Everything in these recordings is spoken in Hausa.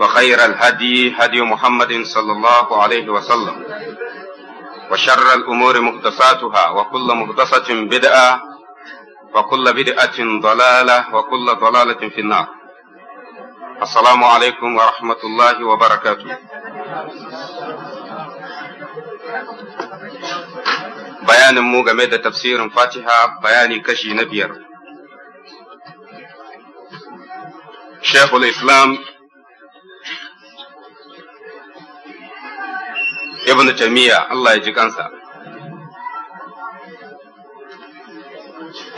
وخير الهدي هدي محمد صلى الله عليه وسلم وشر الأمور مختصاتها وكل مختصة بدعة وكل بدعة ضلالة وكل ضلالة في النار السلام عليكم ورحمة الله وبركاته بيان mu game تفسير فاتحة بيان كشي نبير شيخ الإسلام ibn tamiya Allah ya ji kansa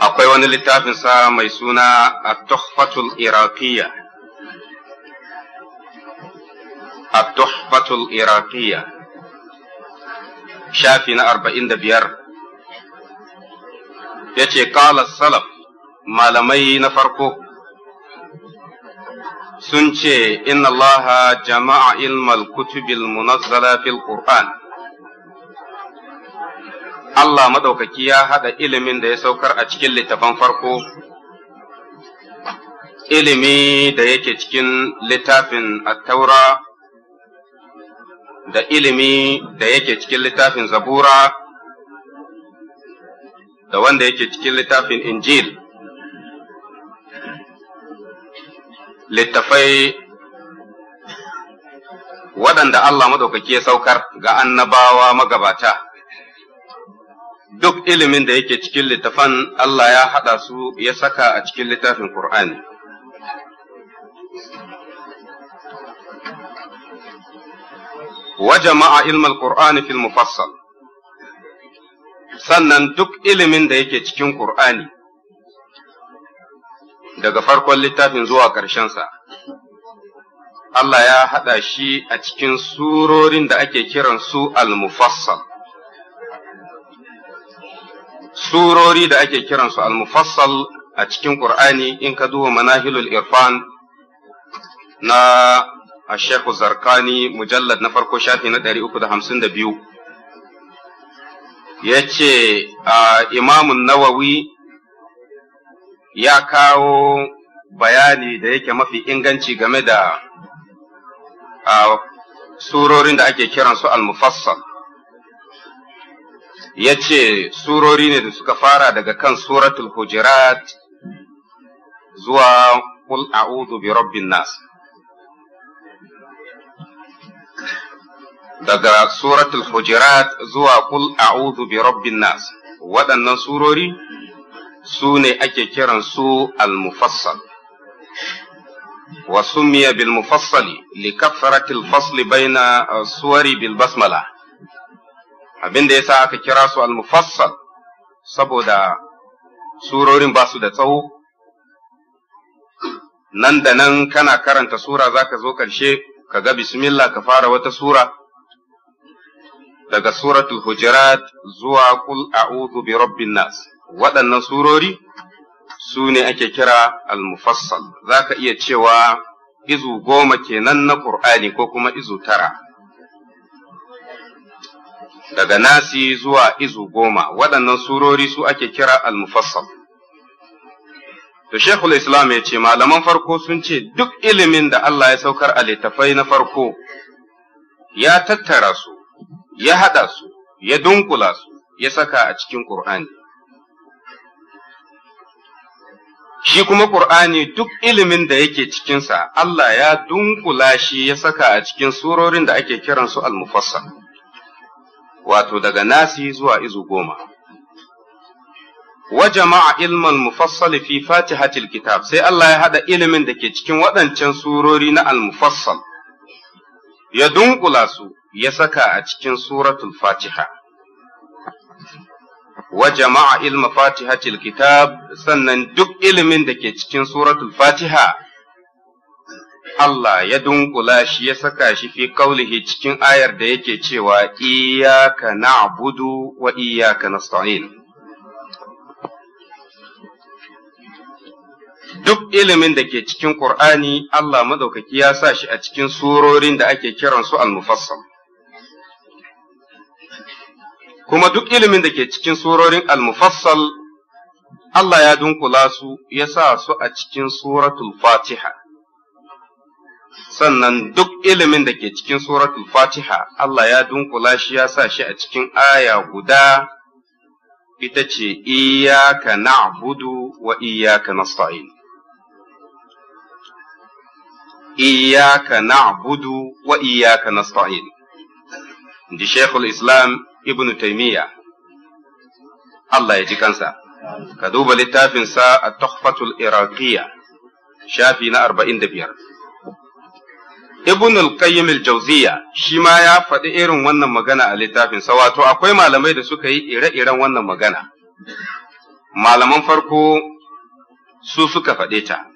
akwai wani littafin sa mai suna at-tuhfatul iraqiyya at-tuhfatul iraqiyya shafi na arba'in da biyar ya ce salaf malamai na farko sun ce inna allaha jama'a ilmal kutubil munazzala fil qur'an Allah madaukaki ya haɗa ilimin da ya saukar a cikin littafan farko ilimi da yake cikin littafin at-taura da ilimi da yake cikin littafin zabura da wanda yake cikin littafin injil littafai waɗanda Allah maɗaukaki ya saukar ga annabawa magabata. Duk ilimin da yake cikin littafan Allah ya haɗa su ya saka a cikin littafin Ƙur'ani. Wajama'a ilmal Ƙur'ani fil mufassal sannan duk ilimin da yake cikin Ƙur'ani. daga farkon littafin zuwa ƙarshensa. Allah ya haɗa shi a cikin surorin da ake kiran su al-mufassal. Surori da ake kiran su al-mufassal a cikin Ƙur'ani in ka duba manahilul irfan na a Shehu Zarkani mujallad na farko shafi na 352. uku da hamsin Ya ce, Imamun Nawawi ya kawo bayani da yake mafi inganci game da surorin da ake su al-mufassal ya ce surori ne da suka fara daga kan suratul hujurat zuwa qul a'udhu bi rabbin nas daga suratul hujurat zuwa qul a'udhu bi rabbin nas waɗannan surori su ne ake kiran su al-mufassal wa sumiya bil mufassali li kasratil fasli baina suwari bil basmala abin da yasa aka kira su al-mufassal saboda surorin ba su da tsawo nan da nan kana karanta sura zaka zo karshe ka ga bismillah ka fara wata sura daga suratul hujurat zuwa kul a'udhu bi rabbin nas waɗannan surori su ne ake kira al-mufassal za ka iya cewa izu goma kenan na ƙur'ani ko kuma izu tara daga nasi zuwa izu goma waɗannan surori su ake kira al-mufassal to shekul islam ya ce malaman farko sun ce duk ilimin da Allah ya saukar a littafai na farko ya tattara su ya haɗa su ya dunkula su ya saka a cikin ƙur'ani shi kuma Ƙur'ani duk ilimin da yake cikinsa Allah ya dunkula shi ya saka a cikin surorin da ake kiransu al-mufassal wato daga nasi zuwa izu goma wa jama'a ilmal mufassal fi fatihatil kitab sai Allah ya hada ilimin da ke cikin waɗancan surori na al ya dunkula su ya saka a cikin suratul fatiha wa jama'a ilma fatihatil kitab sannan duk ilimin da ke cikin suratul fatiha Allah ya dunkula shi ya saka shi fi kaulihi cikin ayar da yake cewa iyaka na'budu wa iyaka nasta'in duk ilimin da ke cikin ƙur'ani Allah maɗaukaki ya sa shi a cikin surorin da ake kiransu al-mufassal kuma duk ilimin da ke cikin surorin al-mufassal Allah ya dunkula su ya sa su a cikin suratul fatiha sannan duk ilimin da ke cikin suratul fatiha Allah ya dunkula shi ya sa shi a cikin aya guda ita ce iyaka na'budu wa iyaka nasta'in iyaka na'budu wa iyaka nasta'in Inji Sheikhul Islam ibn taimiyya Allah ya ji kansa ka duba littafinsa a tuhfatul iraqiyya shafi na arba'in da biyar ibn al-qayyim al shi ma ya faɗi irin wannan magana a littafinsa wato akwai malamai da suka yi ire-iren wannan magana malaman farko su suka faɗe ta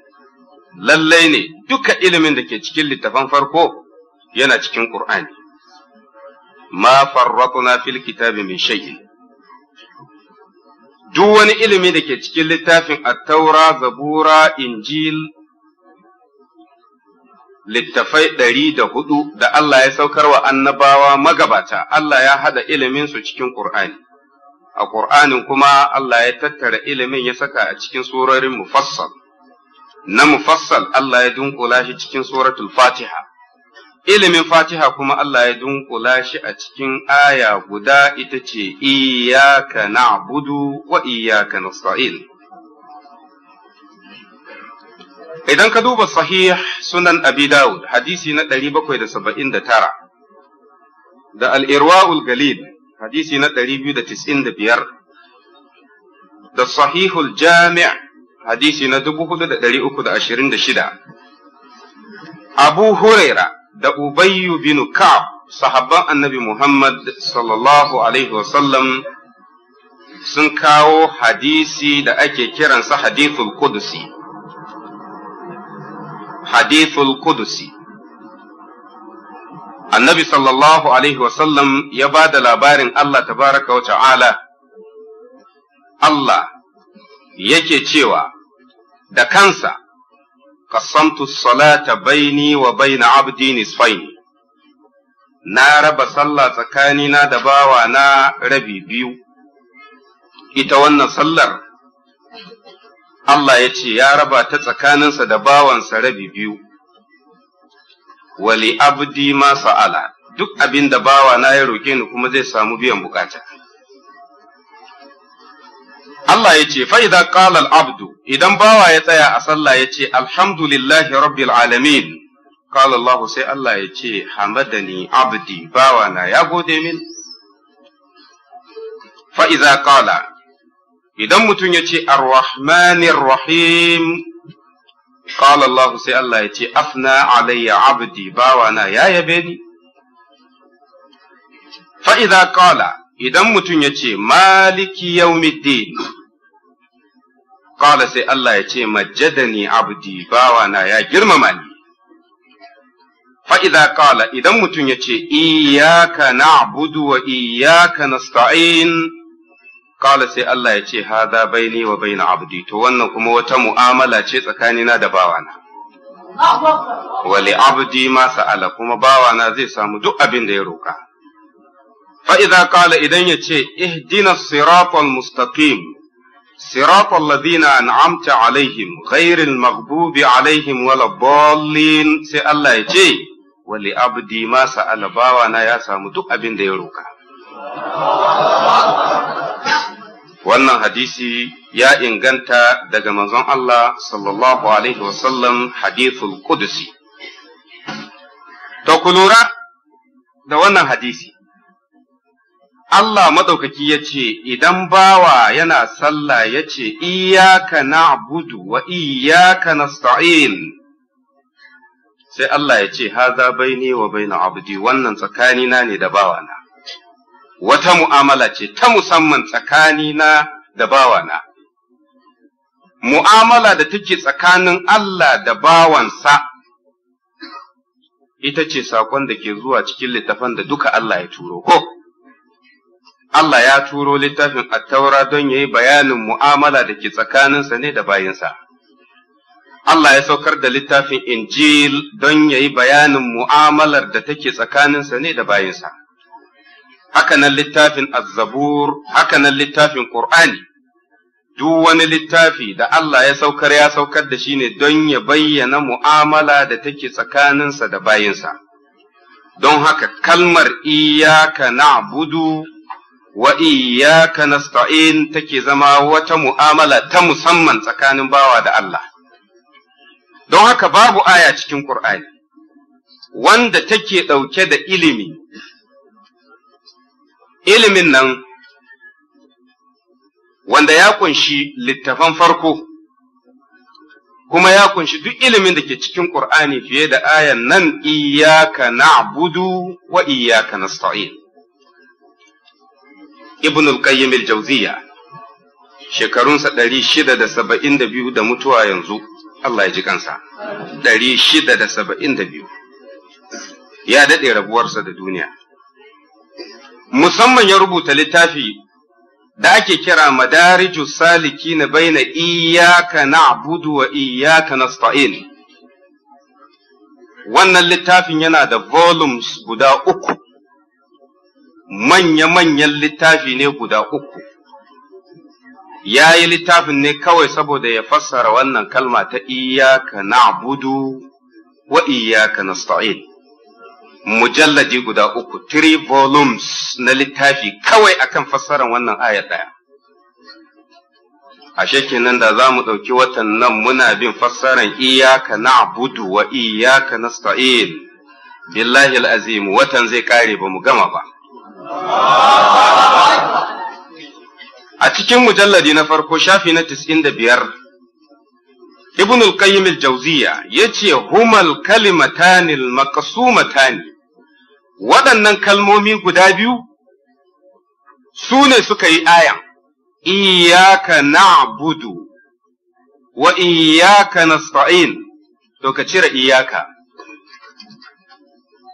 lallai ne duka ilimin da ke cikin littafan farko yana cikin ƙur'ani ma farratna fil kitabi min shay'in duk wani ilimi da ke cikin littafin attaura zabura injil littafai ɗari da hudu da Allah ya saukar wa annabawa magabata Allah ya hada iliminsu cikin ƙur'ani a ƙur'anin kuma Allah ya tattara ilimin ya saka a cikin surorin mufassal na mufassal Allah ya dunkula shi cikin suratul fatiha ilimin fatiha kuma Allah ya dunkula shi a cikin aya guda ita ce iyaka na'budu wa iyaka nasta'in idan ka duba sahih sunan abi dawud hadisi na 779 da al-irwaul galil hadisi na 295 da sahihul jami' hadisi na 4326 abu huraira da Ubayyu bin Ka'ab sahabban annabi Muhammad sallallahu alaihi wasallam sun kawo hadisi da ake kiransa hadithul kudusi hadithul kudusi annabi sallallahu alaihi wasallam ya ba da labarin Allah tabaraka wa ta'ala Allah yake cewa da kansa قسمت baini wa baina عبدي Spain. na raba sallah tsakanina da bawa na rabi biyu, ita wannan sallar Allah ya ce ya raba ta tsakaninsa da bawansa rabi biyu, wali abdi ma sa'ala, duk abin da bawa na ya roƙe ni kuma zai samu biyan bukata. Allah ya ce fa'iza ƙalal abdu idan bawa ya tsaya a sallah ya ce alhamdulillahi rabbil alamin ƙalallahu sai Allah ya ce hamadani abdi bawa na ya gode min fa'iza ƙala idan mutum ya ce arrahmanir rahim ƙalallahu sai Allah ya ce afna alayya abdi bawa na ya yabe ni fa'iza ƙala idan mutum ya ce maliki yaumiddin qala sai Allah ya ce majjadani abdi bawana ya girmama ni Fa'ida qala idan mutum ya ce iyaka na'budu wa iyaka nasta'in qala sai Allah ya ce haza baini wa baina abdi to wannan kuma wata mu'amala ce tsakanina da bawana wali abdi ma sa'ala kuma bawana zai samu duk abin da ya roka فإذا قال إذن يتشي اهدنا الصراط المستقيم صراط الذين أنعمت عليهم غير المغبوب عليهم ولا الضالين سي الله يتشي ولأبدي ما سأل باوانا يا سامدو أبن ديروكا wannan hadisi ya inganta daga manzon Allah sallallahu alaihi wasallam hadithul qudsi to ku lura da wannan hadisi Allah maɗaukaki ya ce, Idan bawa yana sallah ya ce, Iyaka na'budu wa iyaka nasta'in sai Allah ya ce, Haza baini wa baina abdi wannan tsakanina ne da bawana. Wata mu'amala ce ta musamman tsakanina da bawana. Mu'amala da take tsakanin Allah da bawansa ita ce saƙon da ke zuwa cikin littafan da duka Allah ya turo ko. Allah ya turo littafin attaura don ya yi bayanin mu'amala da ke tsakaninsa ne da bayinsa. Allah ya saukar da littafin Injil don ya yi bayanin mu'amalar da take tsakaninsa ne da bayinsa. Hakanan littafin Azzabur, hakanan littafin Ƙur'ani, duk wani littafi da Allah ya saukar ya saukar da shi ne don ya bayyana mu'amala da take tsakaninsa da bayinsa. Don haka kalmar iyaka na budu wa iyyaka nasta'in take zama wata mu'amala ta musamman tsakanin bawa da Allah don haka babu aya cikin Qur'ani wanda take ɗauke da ilimi ilimin nan wanda ya kunshi littafan farko kuma ya kunshi duk ilimin da ke cikin Qur'ani fiye da ayan nan iyyaka na'budu wa iyyaka nasta'in ibn al-qayyim al-jawziya sa 672 da mutuwa yanzu Allah ya ji kansa 672 ya dade rabuwarsa da duniya musamman ya rubuta littafi da ake kira madariju saliki na baina iyaka na'budu wa iyaka nasta'in wannan littafin yana da volumes guda uku manya-manyan littafi ne guda uku ya yi littafin ne kawai saboda ya fassara wannan kalma ta iyaka na abudu wa iyaka na sta'il. mujallaji guda uku three volumes na littafi kawai akan fassarar wannan aya ɗaya ashe kenan da za mu ɗauki watan nan muna bin fassaran iyaka na abudu wa iyaka na sta'il, billahi al'azimu watan zai ƙare ba mu gama ba a cikin mujalladi na farko shafi na biyar, ibn al-qayyim al-jawziya yace humal kalimatanil al waɗannan kalmomi guda biyu su ne suka yi ayan na na'budu wa na nasta'in to ka cire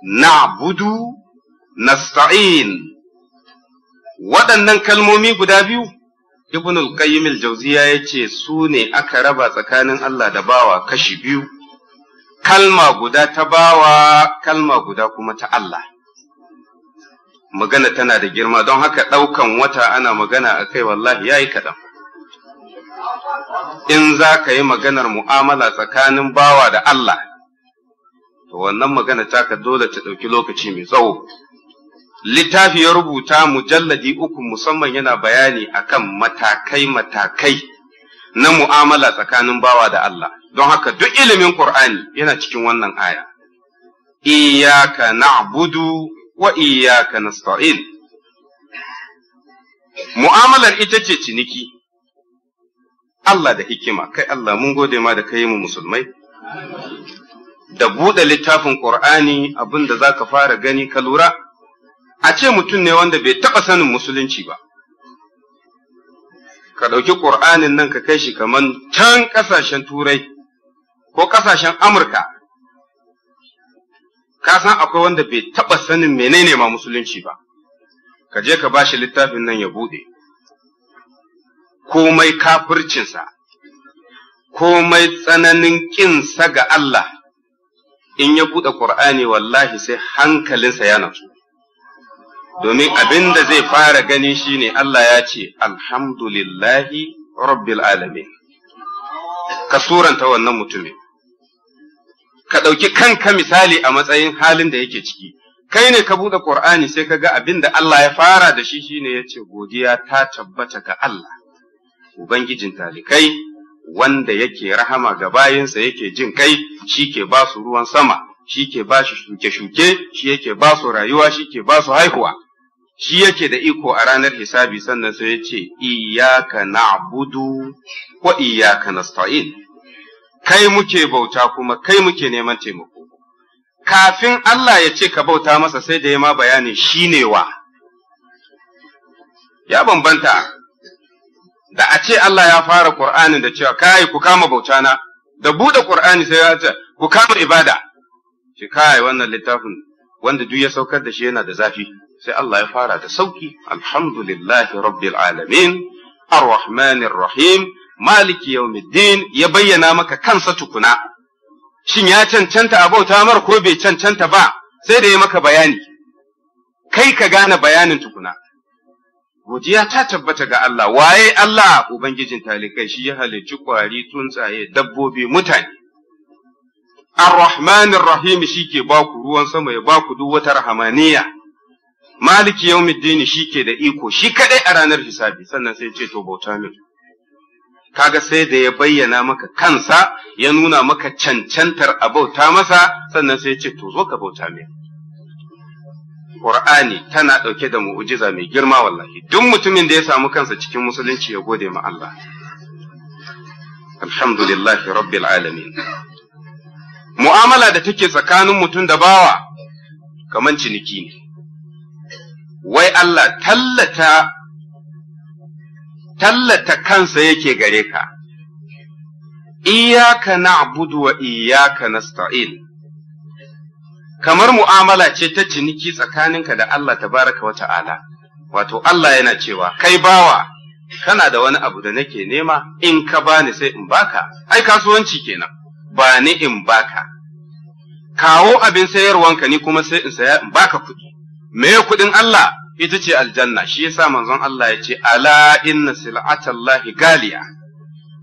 Na na'budu nasta'in waɗannan kalmomi guda biyu ibn al-qayyim al-jawziya yace su ne aka raba tsakanin Allah da bawa kashi biyu kalma guda ta bawa kalma guda kuma ta Allah magana tana da girma don haka ɗaukan wata ana magana a kai wallahi ya yi kaɗan in za ka yi maganar mu'amala tsakanin bawa da Allah to wannan magana taka dole ta ɗauki lokaci mai tsawo littafi ya rubuta mujalladi uku musamman yana bayani akan matakai-matakai na mu'amala tsakanin bawa da Allah don haka duk ilimin Qur'ani yana cikin wannan aya iyyaka na'budu wa iyyaka nasta'in mu'amalar ita ce ciniki Allah da hikima kai Allah mun gode ma da kai mu musulmai da buɗe littafin Qur'ani abinda zaka fara gani ka lura a ce mutum ne wanda bai taɓa sanin musulunci ba ka ɗauki ƙur'anin nan ka kai shi kamar can ƙasashen turai ko ƙasashen amurka ka san akwai wanda bai taɓa sanin menene ma musulunci ba ka je ka bashi littafin nan ya buɗe komai kafircinsa komai tsananin ƙinsa ga Allah in ya buɗe ƙur'ani wallahi sai hankalinsa ya natsu domin abin da zai fara gani shine Allah ya ce alhamdulillahi rabbil alamin ka suranta wannan mutumin ka ɗauki kanka misali a matsayin halin da yake ciki kai ne ka buɗe Qur'ani sai ka ga abin da Allah ya fara da shi shine ya ce godiya ta tabbata ga Allah ubangijin talikai wanda yake rahama ga bayinsa yake jin kai shi ke ba su ruwan sama shi ke ba shi shuke-shuke, shi yake ba su rayuwa, shi ke ba su haihuwa. shi yake da iko a ranar hisabi sannan sai ya ce iyaka na'budu wa iyaka nasta'in kai muke bauta kuma kai muke neman taimako kafin Allah ya ce ka bauta masa sai da ya ma bayanin shine wa ya bambanta da a ce Allah ya fara Qur'anin da cewa kai ku kama bauta na da bude Qur'ani sai ya ce ku kama ibada shi kai wannan littafin wanda duk ya saukar da shi yana da zafi sai Allah ya fara da sauki alhamdulillahi rabbil alamin arrahmanir rahim maliki yawmiddin ya bayyana maka kansa tukuna shin ya cancanta abauta, bauta mar ko bai cancanta ba sai da ya maka bayani kai ka gane bayanin tukuna godiya ta tabbata ga Allah waye Allah ubangijin talikai shi ya halicci kwari tsuntsaye dabbobi mutane ar-rahmanir rahim shi ke baku ruwan sama ya baku duk wata rahamaniya maliki yau middini shi ke da iko shi kaɗai a ranar hisabi sannan sai ce to bauta min kaga sai da ya bayyana maka kansa ya nuna maka cancantar a bauta masa sannan sai ce to zo ka bauta min Qur'ani tana ɗauke da mu'ujiza mai girma wallahi duk mutumin da ya samu kansa cikin musulunci ya gode ma Allah alhamdulillahi rabbil alamin mu'amala da take tsakanin mutum da bawa kaman ciniki ne wai Allah tallata tallata kansa yake gare ka iyaka na'budu wa iyaka nasta'in kamar mu'amala ce ta ciniki tsakaninka da Allah tabaraka wa ta'ala wato Allah yana cewa kai bawa kana da wani abu da nake nema in ka bani sai in baka ai kasuwanci kenan ba ni in baka kawo abin sayarwanka ni kuma sai in saya in baka kuɗi me kudin Allah ita ce aljanna shi yasa manzon Allah ya ce ala inna sil'atallahi galiya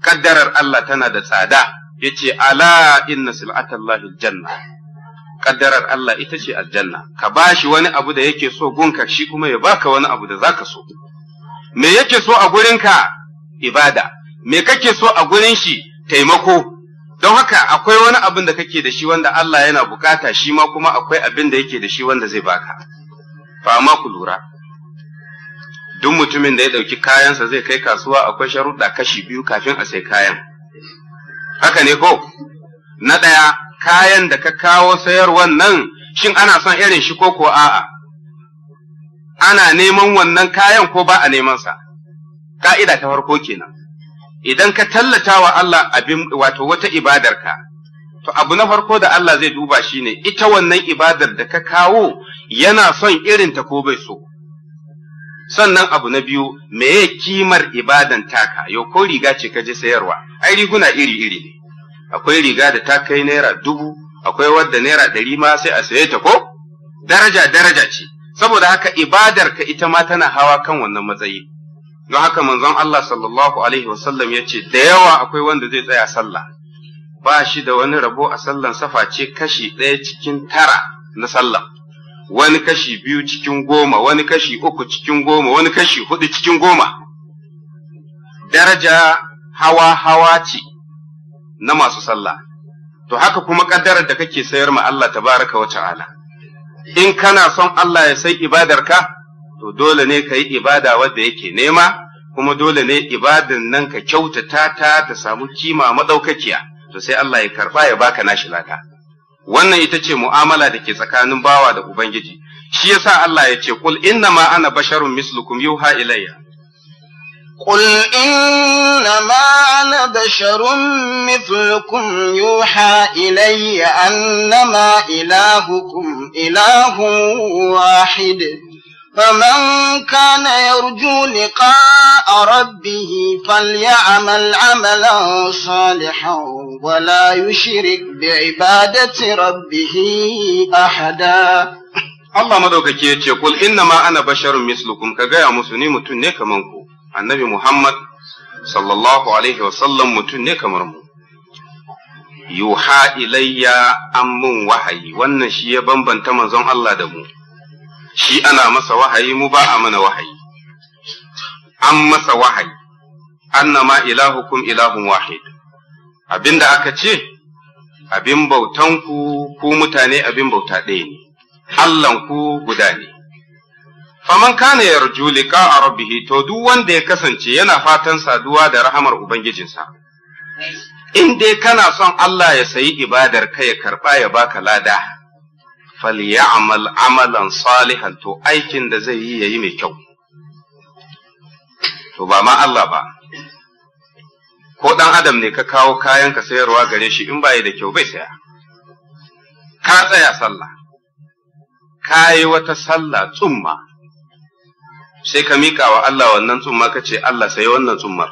kaddarar Allah tana da tsada yace ala inna sil'atallahi aljanna kaddarar Allah ita ce aljanna ka bashi wani abu da yake so gunka shi kuma ya baka wani abu da zaka so me yake so a gurinka ibada me kake so a gurin shi taimako don haka akwai wani abin da kake da shi wanda Allah yana bukata shi ma kuma akwai abin da yake da shi wanda zai baka Fama ma ku lura duk mutumin da ya ɗauki kayansa zai kai kasuwa akwai sharuɗa kashi biyu kafin a sai kayan haka ne ko na ɗaya kayan da ka kawo sayarwan nan shin ana son irin shi ko ko a'a ana neman wannan kayan ko ba a neman sa ka'ida ta farko kenan idan ka tallata wa Allah abin wato wata ibadarka to abu na farko da Allah zai duba shine ita wannan ibadar da ka kawo yana son irin ta ko bai so sannan abu na biyu meye kimar ibadan taka yau ko riga ce kaje je sayarwa ai riguna iri iri ne akwai riga da ta kai naira dubu akwai wadda naira ɗari ma sai a saye ta ko daraja daraja ce saboda haka ibadar ka ita ma tana hawa kan wannan matsayi don haka manzon Allah sallallahu alaihi wasallam ya ce da yawa akwai wanda zai tsaya sallah ba shi da wani rabo a sallan safa ce kashi ɗaya cikin tara na sallah wani kashi biyu cikin goma, wani kashi uku cikin goma, wani kashi hudu cikin goma. Daraja hawa-hawa ce na masu sallah, to haka kuma ƙaddarar da kake sayar ma Allah ta baraka wa ta'ala. In kana son Allah ya sai ibadarka, to dole ne ka yi ibada wadda yake nema, kuma dole ne ibadan nan ka kyautata ta ta samu kima maɗaukakiya, to sai Allah ya karɓa ya baka nashi lada. wannan ita ce mu'amala da ke tsakanin bawa da ubangiji shi yasa Allah ya ce inna ma ana basharun mislukum yuha ilayya inna ma ana basharun mislukum yuha ilayya annama ilahukum ilahun فمن كان يرجو لقاء ربه فليعمل عملا صالحا ولا يشرك بعبادة ربه أحدا الله ما مدوك جيت يقول إنما أنا بشر مثلكم كجاي مسلمي متنة كمنكو النبي محمد صلى الله عليه وسلم متنة مرمو يوحى إلي أم وحي وأن شيء بمبن تمزون الله دمو shi ana masa wahayi mu ba a mana wahayi an masa wahayi annama ilahukum ilahun wahid abinda aka ce abin bautan ku mutane abin bauta ɗaya ne ku guda ne faman kana yarju liqa rabbih to duk wanda ya kasance yana fatan saduwa da rahamar ubangijinsa in dai kana son Allah ya sayi ibadar ka ya karba ya baka lada falyamal amalan salihan to aikin da zai yi yayi mai kyau to ba ma Allah ba ko dan adam ne ka kawo kayan ka sayarwa gare shi in bai da kyau bai saya ka tsaya sallah ka yi wata sallah tsumma sai ka miƙa wa Allah wannan tsumma ka ce Allah sayi wannan tsummar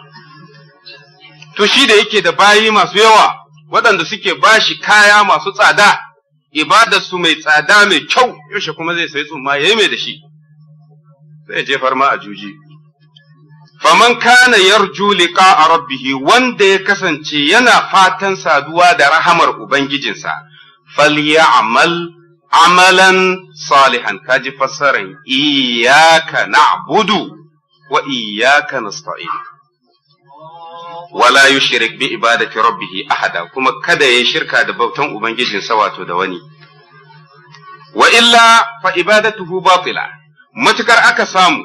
to shi da yake da bayi masu yawa waɗanda suke bashi kaya masu tsada ibadarsu mai tsada mai kyau yaushe kuma zai sai tsumma yayi mai da shi sai jefar ma a juji faman kana yarju liqa rabbih wanda ya kasance yana fatan saduwa da rahamar ubangijinsa falyamal amalan salihan kaji fassaran iyyaka na'budu wa iyyaka nasta'in wala yushrik bi ibadati rabbih ahada kuma kada yayi shirka da bautan ubangijinsa wato da wani wa illa fa ibadatuhu batila matukar aka samu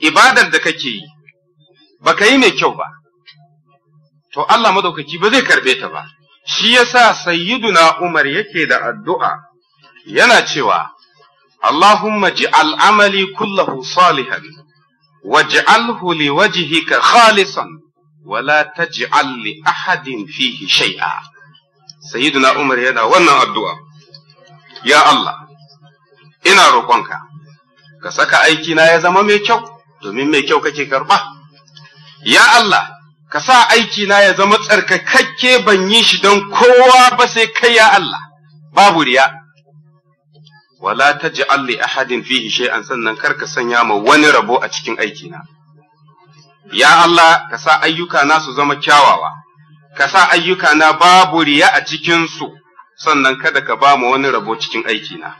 ibadar da kake yi baka yi mai kyau ba to Allah madaukaki ba zai karbe ta ba shi yasa sayyiduna Umar yake da addu'a yana cewa Allahumma ji'al amali kullahu salihan waj'alhu liwajhika khalisan wala taj'al li ahadin fihi Sayidu na umar yana wannan addu'a ya Allah ina roƙonka ka saka aikina ya zama mai kyau domin mai kyau kake karɓa ya Allah ka sa aikina ya zama tsarkakakke ban yi shi don kowa ba sai kai ya Allah babu riya wala taj'al li ahadin fihi shay'an sannan kar ka sanya ma wani rabo a cikin aikina Ya Allah, ka sa ayyukana su zama kyawawa, ka sa ayyukana babu riya a cikinsu, sannan kada ka ba mu wani rabo cikin aikina.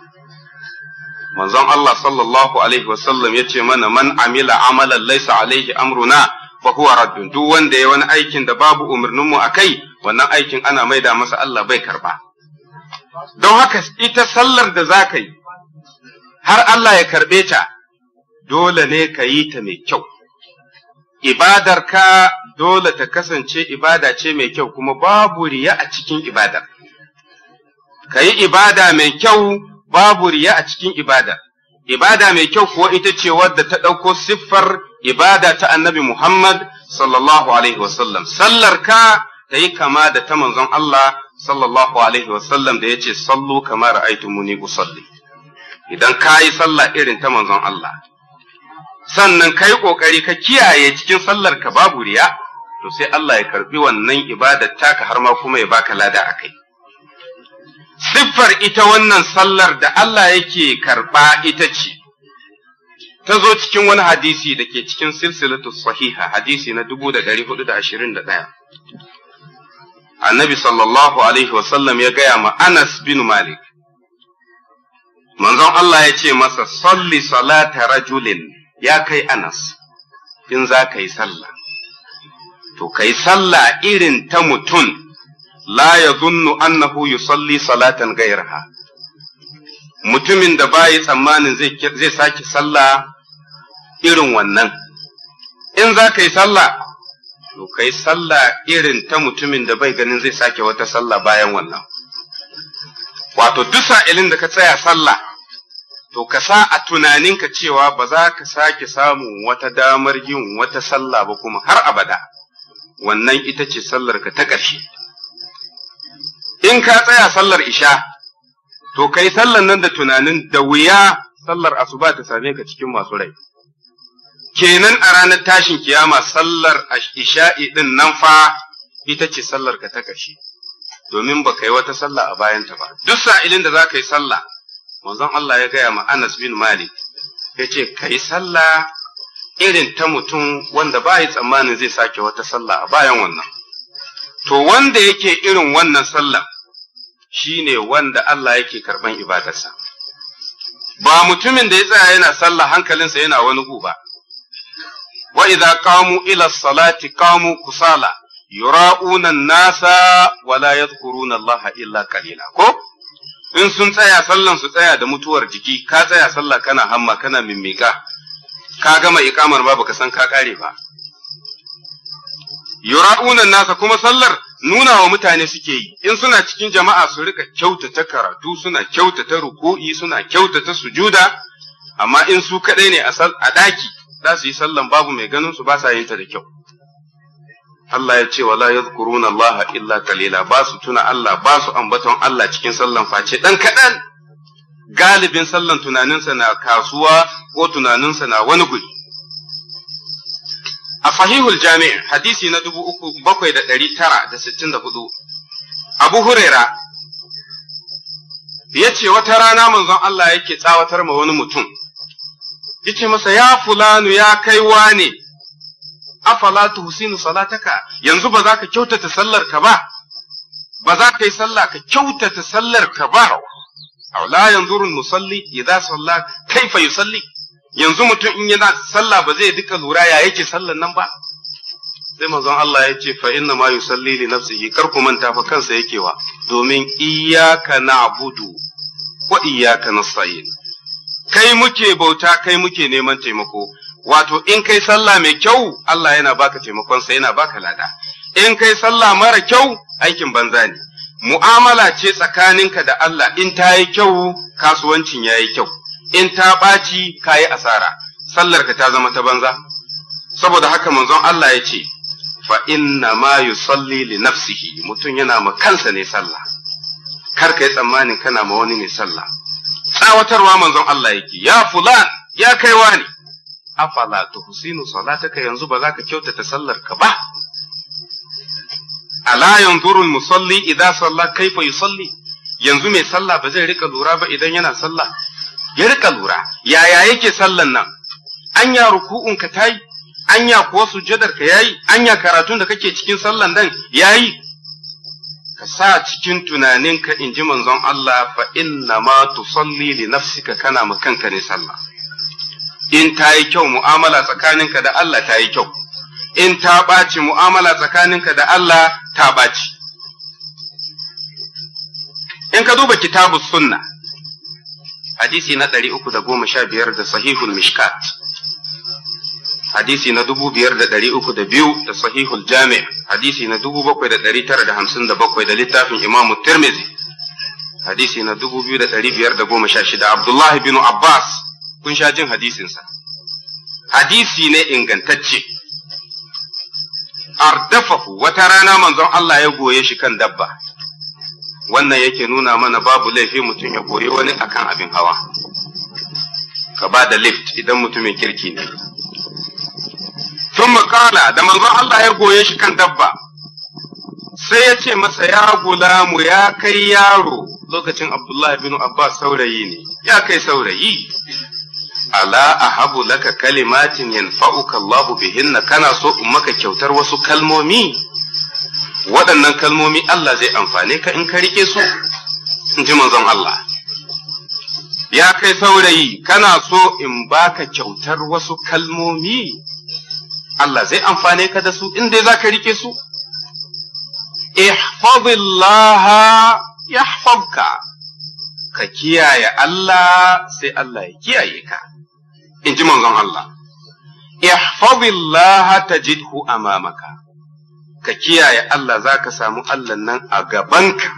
Manzon Allah sallallahu Alaihi wasallam ya ce mana man amila amalan laisa alaihi amruna fa huwa raddun duk wanda ya wani aikin da babu umarninmu a kai, wannan aikin ana maida masa Allah bai karba. Don haka ita sallar da za ka yi, har Allah ya karɓe ta, dole ne ka yi ta mai kyau. ibadarka dole ta kasance ibada ce mai kyau kuma babu riya a cikin ibadar. Ka yi ibada mai kyau babu riya a cikin ibada. Ibada mai kyau kuwa ita ce wadda ta ɗauko siffar ibada ta annabi Muhammad sallallahu Alaihi wasallam. Sallarka ta yi kama da ta manzon Allah sallallahu Alaihi wasallam da ya ce, Sallu kamar aitumuni usalli. Idan ka yi sallah irin ta manzon Allah. sannan kai ƙoƙari ka kiyaye cikin sallar ka babu riya to sai Allah ya karbi wannan ibadar taka har ma kuma ya baka lada a kai. Siffar ita wannan sallar da Allah yake karɓa ita ce, ta zo cikin wani hadisi da ke cikin silsilatu sahiha hadisi na 421. Annabi sallallahu Alaihi wasallam ya gaya ma Anas bin Malik, manzon Allah ya ce masa, Salli salata rajulin ya kai anas in za ka yi sallah to ka yi sallah irin ta mutum la ya zunnu annahu yusalli salatan gairaha mutumin da yi tsammanin zai sake sallah irin wannan in za ka yi sallah to ka yi sallah irin ta mutumin da bai ganin zai sake wata sallah bayan wannan wato duk sa'ilin da ka tsaya sallah to ka sa a tunaninka cewa ba za ka sake samun wata damar yin wata sallah ba kuma har abada wannan ita ce sallarka ta ƙarshe in ka tsaya sallar isha to kai sallar nan da tunanin da wuya sallar asuba ta same ka cikin masu rai kenan a ranar tashin kiyama sallar isha'i din nan fa ita ce sallarka ta ƙarshe domin ba ka yi wata sallah a bayanta ba duk sa'ilin da za ka yi sallah manzon Allah ya gaya ma Anas bin Malik ya ce ka yi sallah irin ta mutum wanda ba yi tsammanin zai sake wata sallah a bayan wannan to wanda yake irin wannan sallah ne wanda Allah yake karɓan ibadarsa ba mutumin da ya tsaya yana sallah hankalinsa yana wani guba wa idza kamu ila salati kamu kusala yura'una an-nasa wa la yadhkuruna Allah illa qalila ko in sun tsaya sallan su tsaya da mutuwar jiki ka tsaya sallah kana hamma kana mimmika ka gama ikamar babu baka san ka kare ba yura'una nasa kuma sallar nuna wa mutane suke yi in suna cikin jama'a su rika kyautata karatu suna kyautata ruku'i suna kyautata sujuda amma in su kadai ne a ɗaki, za su yi sallan babu mai ganin su ba sa yin ta da kyau Allah ya ce la yadhkuruna Allah illa kalila ba su tuna Allah ba su ambaton Allah cikin sallan face dan kaɗan galibin sallan tunaninsa na kasuwa ko tunaninsa na wani guri a fahihul jami' hadisi na dubu uku bakwai da ɗari tara da sittin da hudu abu huraira ya ce wata rana manzon Allah yake tsawatar ma wani mutum yace masa ya fulanu ya kaiwa ne afala tuhsinu salataka yanzu ba za ka kyautata sallar ka ba ba za ka yi sallah ka kyautata sallar ka ba aw la yanzuru musalli idza salla kaifa yusalli yanzu mutum in yana sallah ba zai duka lura ya yake sallar nan ba sai manzon Allah ya ce fa inna ma yusalli li nafsihi kar ku manta fa kansa yake wa domin iyyaka na'budu wa iyyaka nasta'in kai muke bauta kai muke neman taimako wato in kai sallah mai kyau Allah yana baka taimakon taimakonsa yana baka lada in kai sallah mara kyau aikin banza ne mu'amala ce tsakaninka da Allah in ta yi kyau kasuwancin ya yi kyau in ta ɓaci ka yi asara sallarka ta zama ta banza saboda haka manzon Allah ya ce fa inna ma yusalli li nafsihi mutum yana ma kansa ne sallah kar ka tsammanin kana ma wani ne sallah tsawatarwa manzon Allah yake ya fulan ya kai wani afala tuhsinu salataka yanzu ba za ka kyautata sallar ka ba ala yanzuru musalli idan salla kaifa yusalli yanzu mai sallah ba zai rika lura ba idan yana sallah ya rika lura yaya yake sallan nan anya ruku'un ka tayi anya kuwa sujjadar ka yayi anya karatun da kake cikin sallan nan yayi ka sa cikin tunaninka ka inji manzon Allah fa inna ma tusalli li nafsika kana ma kanka ne sallah in ta yi kyau mu'amala tsakaninka da Allah ta yi kyau in ta ɓaci mu'amala tsakaninka da Allah ta ɓaci in ka duba kitabu sunna hadisi na ɗari uku da goma sha biyar da sahihul mishkat hadisi na dubu biyar da ɗari uku da biyu da sahihul Jami'a, hadisi na dubu bakwai da ɗari tara da hamsin da bakwai da littafin imamu tirmizi hadisi na dubu biyu da ɗari biyar da goma sha shida abdullahi bin abbas kun sha jin hadisinsa hadisi ne ingantacce ardafahu wata rana manzon Allah ya goye shi kan dabba wannan yake nuna mana babu laifi mutum ya goye wani akan abin hawa ka ba da lift idan mutumin kirki ne tun makala da manzon Allah ya goye shi kan dabba sai ya ce masa ya gulamu ya kai yaro lokacin Abdullahi bin Abbas saurayi ne ya kai saurayi ala ahabu laka kalimatin yanfa'uka Allahu bihinna kana so in maka kyautar wasu kalmomi waɗannan kalmomi Allah zai amfane ka in ka rike su in ji manzon Allah ya kai saurayi kana so in baka kyautar wasu kalmomi Allah zai amfane ka da su in dai zaka rike su ihfazillaha yahfazka ka kiyaye Allah sai Allah ya kiyaye ka in ji manzon Allah ihfazillaha tajidhu amamaka ka kiyaye Allah ka samu Allah nan a gabanka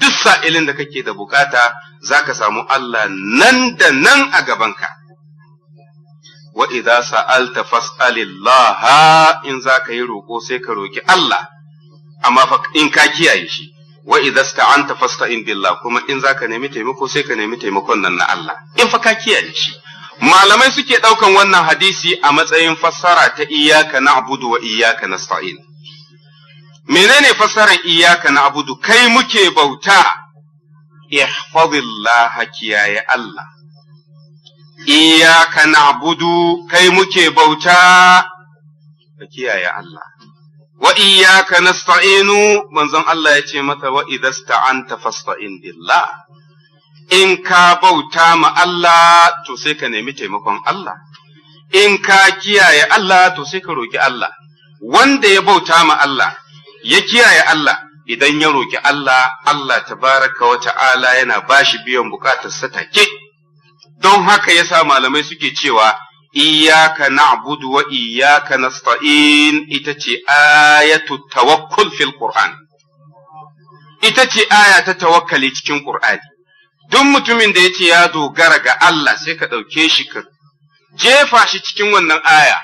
duk sa'ilin da kake da bukata zaka samu Allah nan da nan a gabanka wa idza sa'alta fas'alillaha in ka yi roko sai ka roki Allah amma in ka kiyaye shi wa idza sta'anta fasta'in billah kuma in zaka nemi taimako sai ka nemi taimakon nan na Allah in fa ka kiyaye shi malamai suke ɗaukan wannan hadisi a matsayin fassara ta iyaka na abudu wa iyaka na sta'in menene fassarar iyaka na abudu kai muke bauta ihfazillah kiyaye Allah iyaka na abudu kai muke bauta ka kiyaye Allah wa iyaka nasta'inu manzon Allah ya ce mata wa idasta'anta fasta'in billah in ka bauta ma Allah to sai ka nemi taimakon Allah, in ka kiyaye Allah to sai ka roƙi Allah, wanda ya bauta ma Allah ya kiyaye Allah idan ya roƙi Allah, Allah tabaraka wa ta'ala yana bashi biyan bukatarsa take. Don haka yasa malamai suke cewa iyaka na'budu wa iyaka nasta'in ita ce ayatu tawakkul fil Qur'an. Ita ce aya ta tawakkali cikin Qur'ani. duk mutumin da ya ce ya dogara ga Allah sai ka ɗauke shi ka jefa shi cikin wannan aya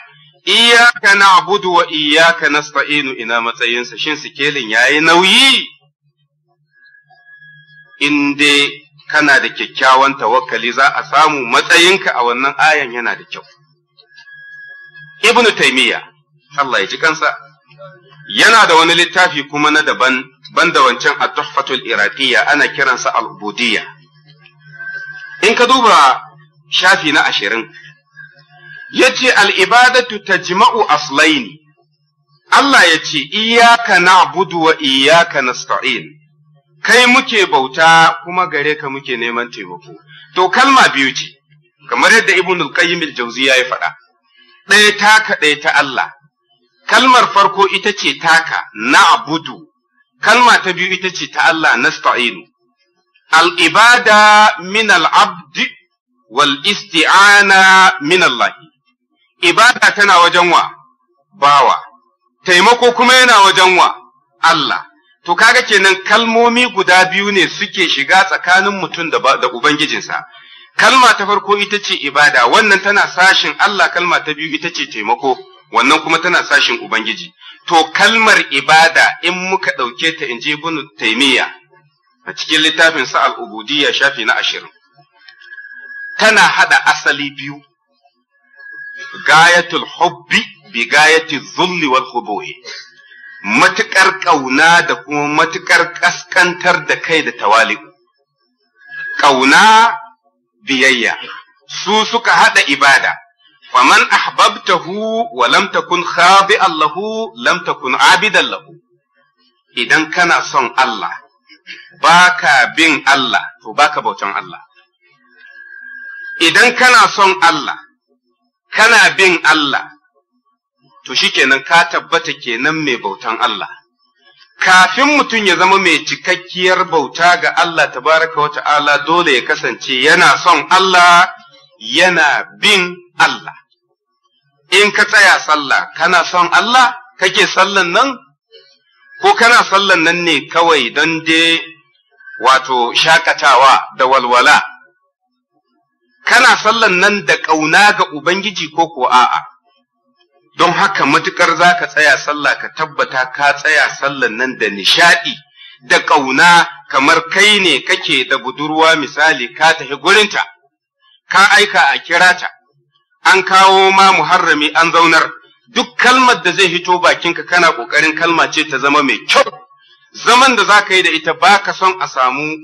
iyaka na abudu wa iyaka nasta'inu ina matsayinsa shin sikelin ya yi nauyi in dai kana da kyakkyawan tawakkali za a samu matsayinka a wannan ayan yana da kyau ibnu taimiyya Allah ya ji kansa yana da wani littafi kuma na daban banda wancan at-tuhfatul iraqiyya ana kiransa al-ubudiyya in ka duba shafi na ashirin ya ce al'ibadatu ta jima'u aslaini Allah ya ce iyaka na budu wa iyaka na sta’in, kai muke bauta kuma gare ka muke neman taimako to kalma biyu ce kamar yadda ibn al-qayyim al yi ya faɗa ɗaya taka ɗaya ta Allah kalmar farko ita ce taka na budu kalma ta biyu ita ce ta Allah na nasta'inu al'ibada min al'abdi wal isti'ana min Allah. Ibada tana wajen wa, bawa, taimako kuma yana wajen wa, Allah. To kaga kenan kalmomi guda biyu ne suke shiga tsakanin mutum da Ubangijinsa. Kalma ta farko ita ce ibada, wannan tana sashin Allah kalma ta biyu ita ce taimako, wannan kuma tana sashin Ubangiji. To kalmar ibada in muka ɗauke ta in je bunu taimiyya. a cikin littafin sa al'ubudiyya shafi na ashirin tana hada asali biyu gayatul hubbi bi Gayati zulli wal khuduhi matukar ƙauna da kuma matukar ƙaskantar da kai da tawali Ƙauna biyayya su suka hada ibada faman ahbabtahu wa lam takun khabi allahu lam takun abidan lahu idan kana son Allah baka bin Allah to baka bautan Allah idan kana son Allah kana bin Allah to shikenan ka tabbata kenan mai bautan Allah kafin mutum ya zama mai cikakkiyar bauta ga Allah tabaraka wa ta'ala dole ya kasance yana son Allah yana bin Allah in ka tsaya sallah kana son Allah kake sallan nan ko kana sallan nan ne kawai don dai wato shakatawa da walwala kana sallan nan da ƙauna ga ubangiji ko ko a'a don haka matukar za ka tsaya sallah ka tabbata ka tsaya sallan nan da nishaɗi da ƙauna kamar kai ne kake da budurwa misali ka tafi gurinta ka aika a kirata? an kawo ma muharrami an zaunar duk kalmar da zai hito bakinka kana ƙoƙarin kalma ce ta zama mai kyau zaman da za ka yi da ita ba ka son a samu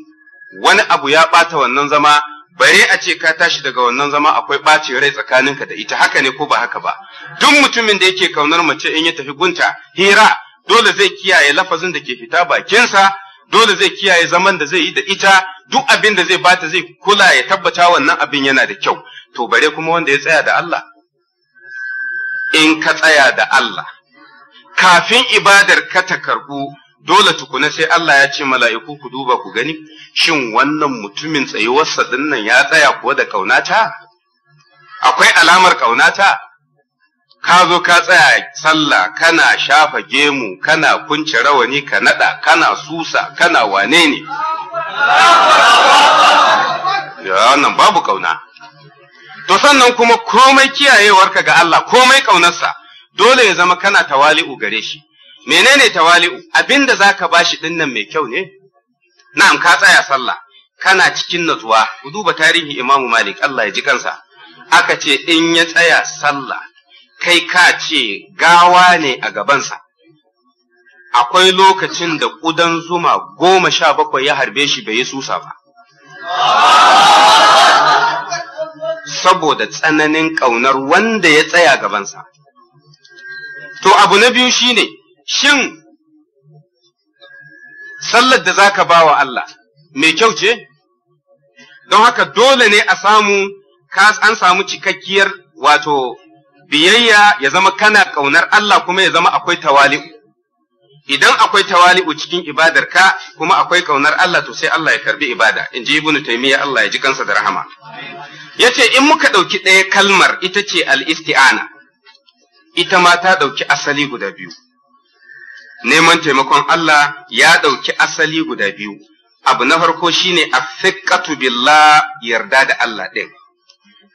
wani abu ya ɓata wannan zama bare a ce ka tashi daga wannan zama akwai ɓaci rai tsakaninka da ita haka ne ko ba haka ba duk mutumin da yake kaunar mace in ya tafi gunta hira dole zai kiyaye lafazin da ke fita bakinsa dole zai kiyaye zaman da zai yi da ita duk abin da zai bata zai kula ya tabbata wannan abin yana da kyau to bare kuma wanda ya tsaya da Allah in ka tsaya da Allah kafin ibadar ka ta karbu dole tukuna sai Allah ya ce mala'iku ku duba ku gani shin wannan mutumin tsayuwarsa dinnan ya tsaya kuwa da kaunata akwai alamar kaunata ka zo ka tsaya sallah kana shafa gemu kana kunce rawani ka nada kana susa kana wane ne wannan babu kauna to sannan kuma komai kiyayewarka ga Allah komai kaunarsa dole ya zama kana tawali'u gare shi menene tawali'u abinda zaka bashi dinnan mai kyau ne na'am ka tsaya sallah kana cikin natsuwa ku duba tarihi imamu malik Allah ya ji kansa aka ce in ya tsaya sallah kai ka ce gawa ne a gabansa akwai lokacin da ƙudan zuma goma sha bakwai ya harbe shi bai yi susa ba saboda tsananin ƙaunar wanda ya tsaya gabansa to abu na biyu shine shin sallar da za ka ba wa Allah mai kyau ce? Don haka dole ne a samu an samu cikakkiyar wato biyayya ya zama kana ƙaunar Allah kuma ya zama akwai tawali'u. Idan akwai tawali'u cikin ibadarka kuma akwai ƙaunar Allah to sai Allah ya karbi ibada, in ji ibnu Taymiyyah Allah ya ji kansa da rahama. Ya ce in muka ɗauki ɗaya kalmar ita ce al-isti'ana, ita ma ta ɗauki asali guda biyu. neman taimakon Allah ya ɗauki asali guda biyu abu na farko shine fiƙatu billah yarda da Allah ɗin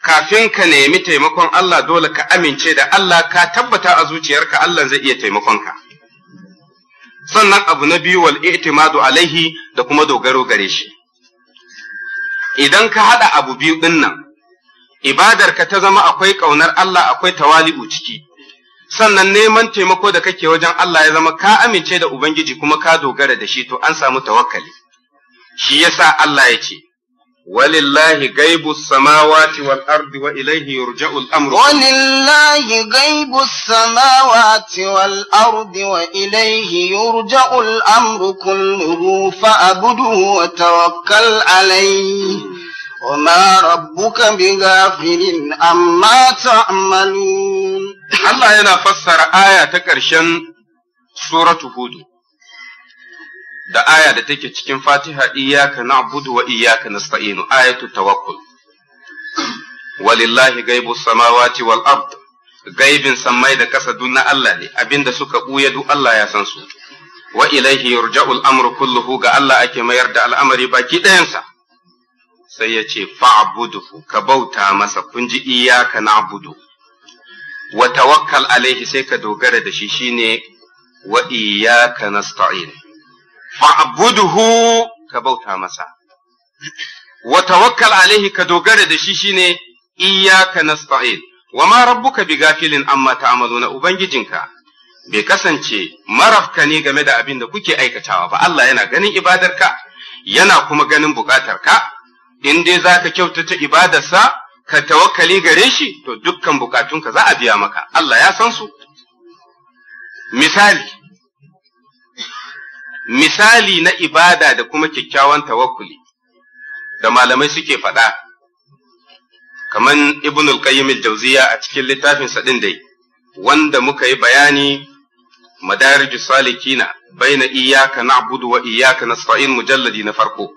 kafin ka nemi taimakon Allah dole ka amince da Allah ka tabbata a zuciyarka Allah zai iya taimakonka sannan abu na biyu wal i'timadu alaihi da kuma dogaro gare shi idan ka haɗa abu biyu ɗin nan ibadarka ta zama akwai ƙaunar Allah akwai tawali'u ciki sannan neman taimako da kake wajen Allah ya zama ka amince da Ubangiji kuma ka dogara da shi to an samu tawakkali shi yasa Allah ya ce ولله غيب السماوات والأرض وإليه يرجع الأمر ولله غيب السماوات والأرض وإليه يرجع الأمر كله فأبده وتوكل عليه وما ربك بغافل أما تعملون الله ينا فسر آية تكرشن سورة هود da aya da take cikin Fatiha iyyaka na'budu wa iyyaka nasta'inu ayatu tawakkul walillahi ghaibu samawati wal ard gaibin sammai da kasa duk na Allah ne abinda suka buya duk Allah ya san su wa ilaihi yurja'ul amru kulluhu ga Allah ake mayar da al'amari baki ɗayansa sai ya ce fa'abuduhu ka bauta masa kun ji iyaka na'budu wa tawakkal alaihi sai ka dogara da shi shine wa iyaka nasta'in fa'abuduhu ka bauta masa wa tawakkal alaihi ka dogara da shi shine iyyaka nasta'in wa ma rabbuka bighafilin amma ta'maluna ubangijinka bai kasance marafka ne game da abin da kuke aikatawa ba Allah yana ganin ibadarka yana kuma ganin bukatarka in dai za ka kyautata ibadarsa ka tawakkali gare shi to dukkan bukatunka za a biya maka Allah ya san su misali misali na ibada da kuma kyakkyawan tawakkuli da malamai suke faɗa kamar ibnul qayyim al-jawziya a cikin littafin sa din dai wanda muka yi bayani madarijus salikina baina iyyaka na'budu wa iyyaka nasta'in mujalladi na farko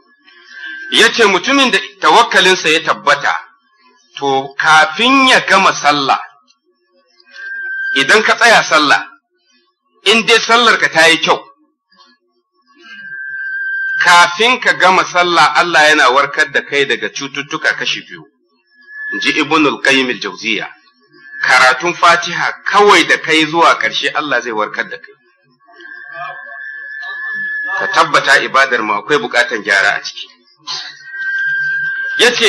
ya ce mutumin da tawakkalinsa ya tabbata, to kafin ya gama sallah, idan ka tsaya sallah, in dai sallarka ta yi kyau, kafin ka gama sallah Allah yana warkar da kai daga cututtuka kashi biyu, in ji Ibnul Qayyim jauziya karatun Fatiha kawai da kai zuwa ƙarshe Allah zai warkar da kai. Ka tabbata ibadar mu akwai bukatan gyara a ciki. Ya ce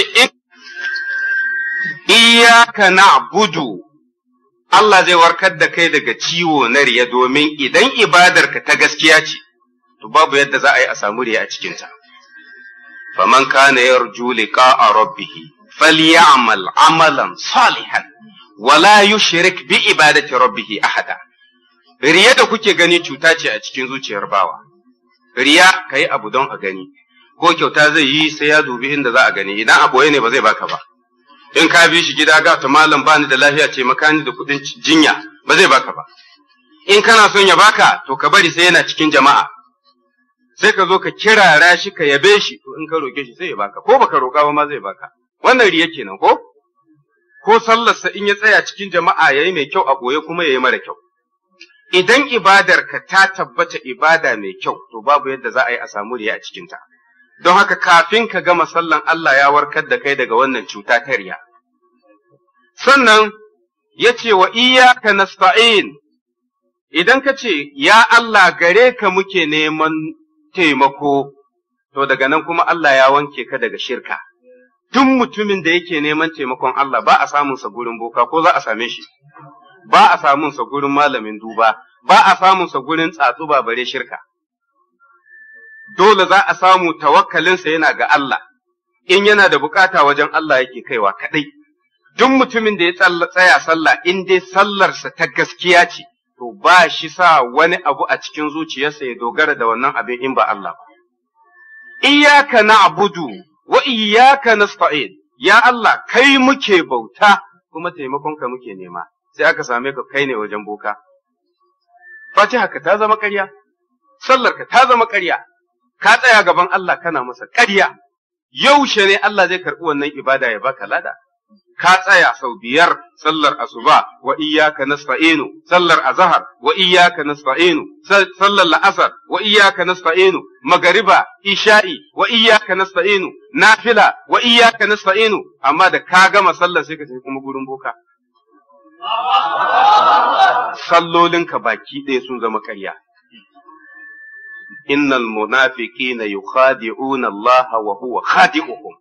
in yace na gudu, Allah zai warkar da kai daga ciwo na riya domin idan ibadarka ta gaskiya ce to babu yadda za a yi a samu riya a cikinta faman kana yarju a rabbihi falyamal amalan salihan wala yushrik bi ibadati rabbih ahada riya da kuke gani cuta ce a cikin zuciyar bawa riya kai abu don a gani ko kyauta zai yi sai ya dubi inda za a gani idan a boye ne ba zai baka ba in ka bi shi gida ga ta malam bani da lafiya ce makani da kudin jinya ba zai baka ba in kana son ya baka to ka bari sai yana cikin jama'a sai ka zo ka kirara shi ka yabe shi to in ka roke shi sai ya baka ko baka roka ba ma zai baka wannan riya kenan ko ko sallarsa in ya tsaya cikin jama'a yayi mai kyau a boye kuma yayi mara kyau idan ibadarka ta tabbata ibada mai kyau to babu yadda za a yi a samu riya a cikinta. ta don haka kafin ka gama sallan Allah ya warkar da kai daga wannan cuta ta riya. Sannan ya ce wa iyaka nasta'in idan ka ce, Ya Allah gare ka muke neman taimako, to daga nan kuma Allah ya wanke ka daga shirka. tun mutumin da yake neman taimakon Allah ba a samunsa gurin boka ko za a same shi, ba a samunsa gurin malamin duba, ba a samunsa gurin tsatsu ba bare shirka. dole za a samu tawakkalinsa yana ga Allah, in yana da bukata wajen Allah yake kaiwa kaɗai. Duk mutumin da ya tsaya sallah in dai sallarsa ta gaskiya ce, to ba shi sa wani abu a cikin zuciyarsa ya dogara da wannan abin in ba Allah ba. Iyaka na abudu wa iyaka na sta'in, ya Allah kai muke bauta kuma taimakonka muke nema, sai aka same ka kai ne wajen boka. Fatiha ka ta zama ƙarya, sallarka ta zama ƙarya, ka tsaya gaban Allah kana masa ƙarya yaushe ne Allah zai karɓi wannan ibada ya baka lada ka tsaya sau biyar sallar asuba wa iyyaka nasta'inu sallar azhar wa iyyaka nasta'inu sallar la'asar wa iyyaka nasta'inu magariba isha'i wa iyyaka nasta'inu nafila wa iyyaka nasta'inu amma da ka gama sallar sai ka tafi kuma gurin boka sallolinka baki ɗaya sun zama ƙarya innal munafiqina yukhadi'una Allah wa huwa khadi'uhum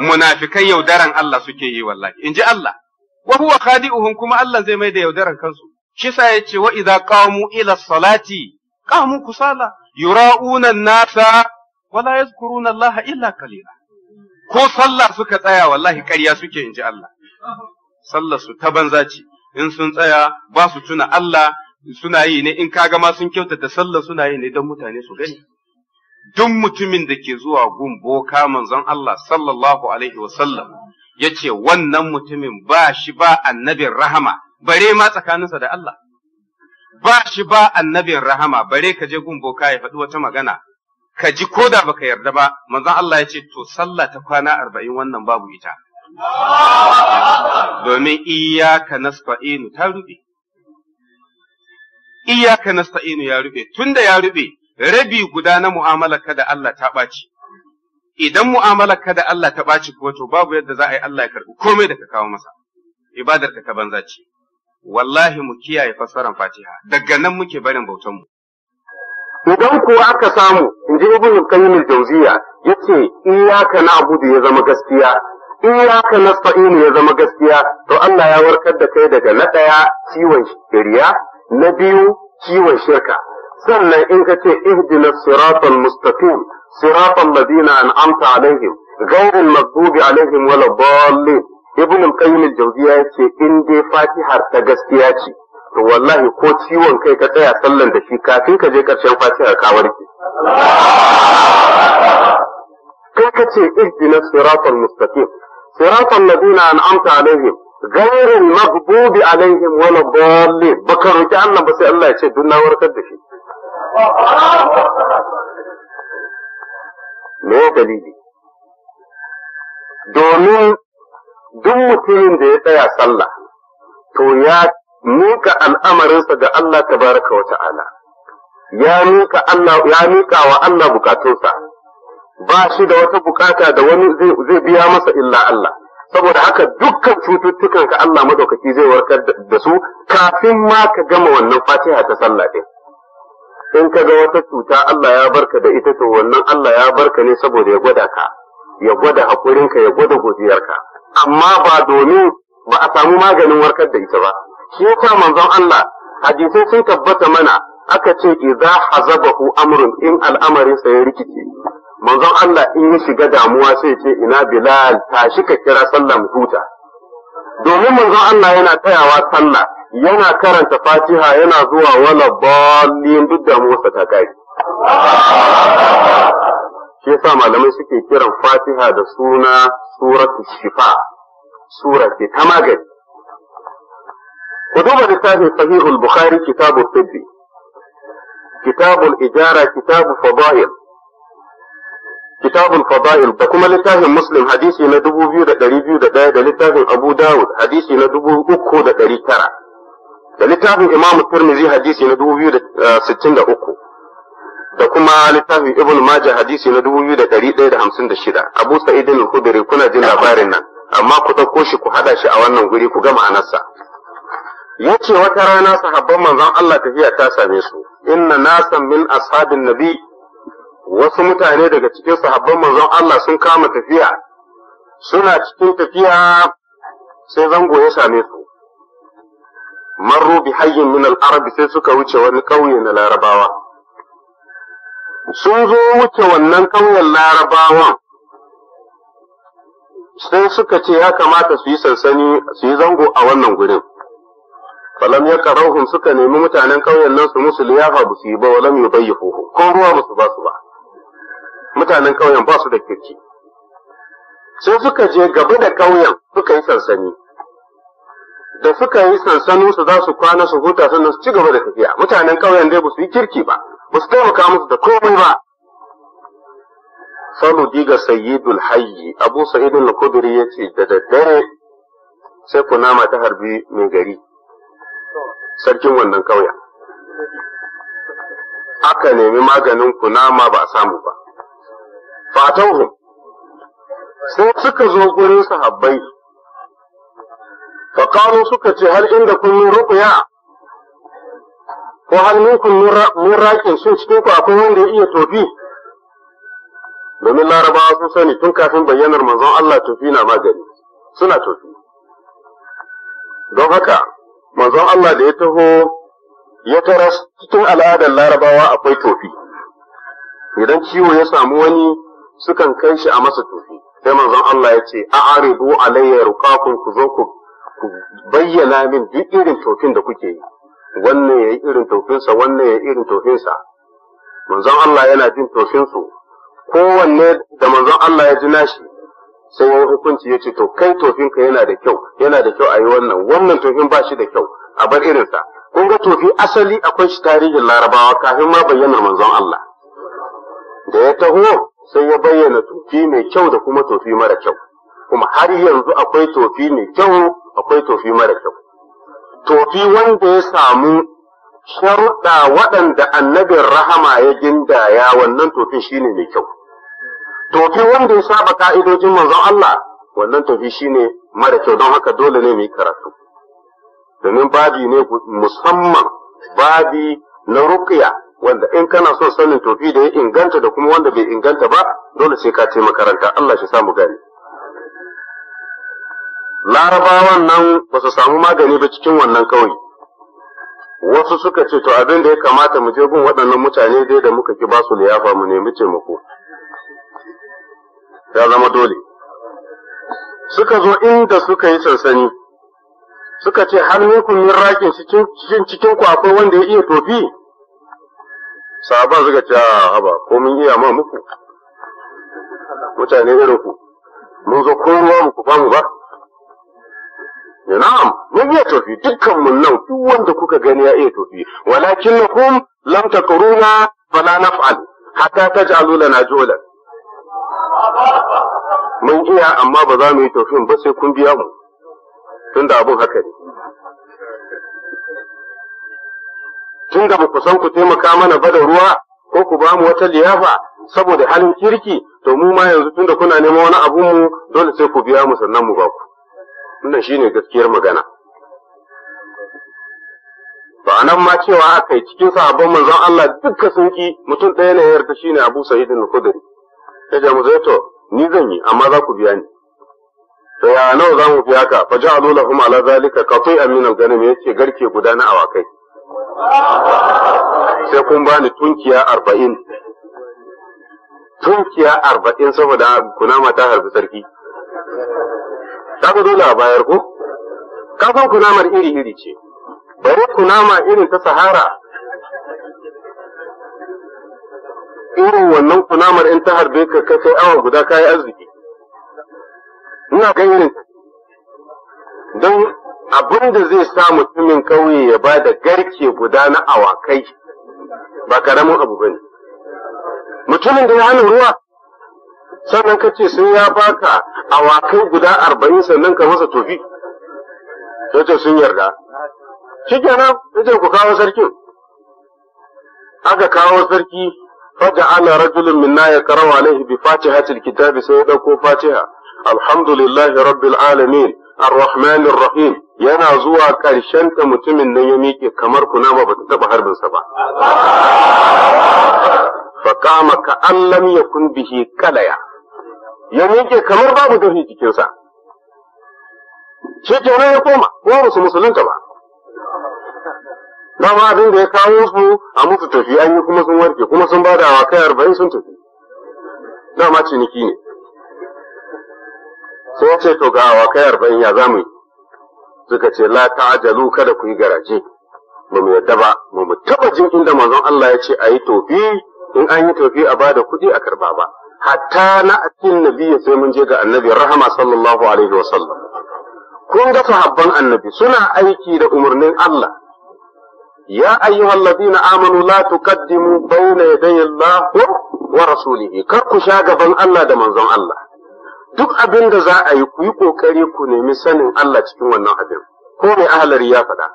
munafikai yaudaran Allah suke yi wallahi inji Allah wa huwa kuma Allah zai mai da yaudaran kansu shi ya ce wa'iza idza qamu ila salati qamu kusala yura'una an-nasa wa la yadhkuruna Allah illa qalila ko sallah suka tsaya wallahi karya suke inji Allah sallar su ta banza ce in sun tsaya basu tuna Allah suna yi ne in kaga ma sun kyautata sallah suna yi ne don mutane su gani duk mutumin da ke zuwa gun boka manzon Allah sallallahu alaihi wa ya ce wannan mutumin ba shi ba annabin rahama bare ma tsakaninsa da Allah ba shi ba annabin rahama bare ka je gun boka ya faɗi wata magana ka ji ko da baka yarda ba manzon Allah yace to sallah ta kwana arba'in wannan babu ita domin iyyaka nasta'inu ta rubi iyaka nasta'inu ya rube tunda ya rube rabi guda na mu'amalarka da Allah ta ɓaci idan mu'amalarka da Allah ta ɓaci ko to babu yadda za a yi Allah ya karɓi komai da ka kawo masa ibadar ka banza ce wallahi mu kiyaye fasaran Fatiha daga nan muke barin bautan mu idan kuwa aka samu in ji ibnu qayyim al-jawziya yace iyyaka na'budu ya zama gaskiya iyyaka nasta'inu ya zama gaskiya to Allah ya warkar da kai daga na daya ciwon shirya na biyu kiwon shirka sannan in ka ce ihdina siratal mustaqim siratal ladina an'amta alaihim ghairil maghdubi alaihim wala dallin ibn al-qayyim al-jawziya yace in dai fatihar ta gaskiya ce to wallahi ko ciwon kai ka tsaya sallan da shi kafin ka je karshen fatihar ka warke kai ka ce ihdina siratal mustaqim siratal ladina an'amta alaihim gairin maghdubi alaihim wala dallin baka roki Allah ba sai Allah ya ce duk warkar da shi dalili domin duk mutumin da ya tsaya sallah to ya nuka al'amarinsa ga Allah tabaraka wa ta'ala ya nuka Allah ya nuka wa Allah bukatunsa ba shi da wata bukata da wani zai biya masa illa Allah saboda haka dukkan cututtukan ka Allah madaukaki zai warkar da su kafin ma ka gama wannan fatiha ta sallah din in ka ga wata cuta Allah ya barka da ita to wannan Allah ya barka ne saboda ya gwada ka ya gwada hakurinka ya gwada godiyarka amma ba domin ba a samu maganin warkar da ita ba shi yasa manzon Allah hadisai sun tabbata mana aka ce idza hazabahu amrun in al'amarin sa ya rikice manzon Allah in ya shiga damuwa sai ce ina Bilal tashi ka kira sallah mu huta domin manzon Allah yana tsayawa sallah yana karanta Fatiha yana zuwa wala dallin duk Musa ta kai shi yasa malamai suke kiran Fatiha da suna suratu shifa sura ta magani ku duba littafin sahihul bukhari kitabu tibbi kitabul ijara kitabu fadail kitabul fada'il da kuma littafin muslim hadisi na dubu biyu da ɗari biyu da ɗaya da littafin abu dawud hadisi na dubu uku da ɗari tara da littafin imamu turmizi hadisi na dubu biyu da eh, sittin da uku da kuma littafin ibn maja hadisi na dubu biyu da ɗari ɗaya da hamsin da shida abu sa'idin al-khudri kuna jin labarin nan amma ku ɗauko shi ku haɗa shi a wannan guri ku gama anarsa yace wata rana sahabban manzon Allah tafiya ta same su inna nasan min ashabin nabi wasu mutane daga cikin sahabban manzon Allah sun kama tafiya suna cikin tafiya sai zango ya same su marru bi hayyin min al-arab sai suka wuce wani ƙauye na larabawa sun zo wuce wannan ƙauyen larabawan sai suka ce ya kamata su yi sansani su yi zango a wannan gurin falam ya karauhun suka nemi mutanen ƙauyen nan su musu liyafa ba su yi ba walam yubayyihu ko ruwa ba su ba su ba mutanen ƙauyen ba su da kirki Sun suka je gaba da ƙauyen suka yi sansani da suka yi sansanin su za su kwana su huta sannan su ci gaba da tafiya mutanen ƙauyen dai ba su yi kirki ba ba su taimaka musu da komai ba salu diga sayyidul hayyi abu sa'id al ya yace da daddare sai kunama ta harbi mai gari sarkin wannan ƙauyen aka nemi maganin kunama ba a samu ba fatauhum sai suka zo gurin sahabbai faƙaru suka ce har inda kun yi ruƙuya ko hal minkum mun raƙin sun cikin ku akwai wanda ya iya tofi domin larabawa sun sani tun kafin bayyanar manzon Allah tofi na magani suna tofi don haka manzon Allah da ya taho ya taras cikin al'adar larabawa akwai tofi idan ciwo ya samu wani sukan kai shi a masa tofi, sai manzon Allah ya ce a aridu alayya ruqakum ku zo ku bayyana min duk irin tofin da kuke yi wannan yayi irin tofinsa wannan yayi irin tofinsa manzon Allah yana jin tofinsu kowanne da manzon Allah ya ji nashi sai ya hukunci ya ce to kai tofinka yana da kyau yana da kyau a yi wannan wannan tofin ba shi da kyau a bar irin sa, kun ga tofi asali akwai shi tarihin larabawa kafin ma bayyana manzon Allah da ya taho sai ya bayyana tofi mai kyau da kuma tofi mara kyau kuma har yanzu akwai tofi mai kyau akwai tofi mara kyau tofi wanda ya samu sharuɗa waɗanda annabin rahama ya gindaya wannan tofin shine mai kyau tofi wanda ya saba ka'idojin manzon Allah wannan tofi shine mara kyau don haka dole ne mu karatu domin babi ne musamman babi na ruqya wanda in kana son sanin tofi da ya inganta da kuma wanda bai inganta ba dole sai ka ce makaranta Allah shi samu gani larabawan nan ba su samu magani ba cikin wannan kawai wasu suka ce to abin da ya kamata mu je gun waɗannan mutane dai da muka ki ba su liyafa mu nemi taimako ya zama dole suka zo inda suka yi sansani suka ce har ne kun yi rakin cikin cikin akwai wanda ya iya tofi sahaban suka ce ah, haba ko mun iya ma muku mutane irin ku mun zo ko ruwa muku ba mu ba na'am mun iya tofi dukkan mun nan duk wanda kuka gani ya iya tofi walakin lakum lam takruna fala naf'al hatta taj'alu lana julan mun iya amma ba za mu yi tofin ba sai kun biya mu tunda abun haka ne tun da ku san ku taimaka mana ba da ruwa ko ku ba mu wata liyafa saboda halin kirki to mu ma yanzu tun da kuna neman wani abun mu dole sai ku biya mu sannan mu ba ku wannan shine gaskiyar magana ba nan ma cewa akai cikin sahabban manzon Allah dukka sun ki mutum ɗaya ne yarda shine Abu Sa'id al-Khudri ya ja mu zai to ni zan yi amma za ku biya ni to ya nawa za mu biya ka fa ja'alu lahum ala zalika qati'an min al-ghanam yace garke guda na awakai sai kun bani tunkiya arba'in tunkiya arba'in saboda kunama ta harfi sarki ta ku dole a bayar ku kafin kunamar iri-iri ce bari kunama irin ta sahara irin wannan kunamar in ta harbe ka ka kai awa guda kayi arziki ina irin don abin da zai sa mutumin ƙauye ya ba da garke guda na awakai ba karamin abu bane mutumin da ya hana ruwa sannan ka ce sun ya baka awakai guda arba'in sannan ka masa tofi yace sun yarda shi nan, ku kawo sarkin aka kawo sarki faja ana rajulun minna ya karawa alaihi bi fatihatil kitabi sai ya dauko fatiha alhamdulillahi rabbil alamin الرحمن الرحيم yana zuwa ƙarshen ta mutumin nan ya miƙe kamar kunama ba ta taɓa harbinsa ba. Fakama ka allam ya kun bihi kalaya, ya miƙe kamar babu dafi jikinsa. Shi kenan ya koma, kuma ba su musulunta ba. Na ma abin da ya kawo su a mutu tafi an yi kuma sun warke kuma sun bada wa kai arba'in sun tafi. Dama ciniki ne. Sai ce to ga wa kai arba'in ya zamu yi. suka ce la ta'jalu kada ku yi garaje ba mu yadda ba ba mu taba jin inda manzon Allah ya ce a yi tofi in an yi tofi a bada kuɗi a karba ba hatta na akin nabi sai mun je ga annabi rahama sallallahu alaihi wa sallam kun ga sahabban annabi suna aiki da umarnin Allah ya ayyuhal ladina amanu la tuqaddimu bayna yaday Allah wa rasulihi kar ku sha gaban Allah da manzon Allah duk abin da za a yi ku yi ƙoƙari ku nemi sanin Allah cikin wannan abin ko mai ahalar ya faɗa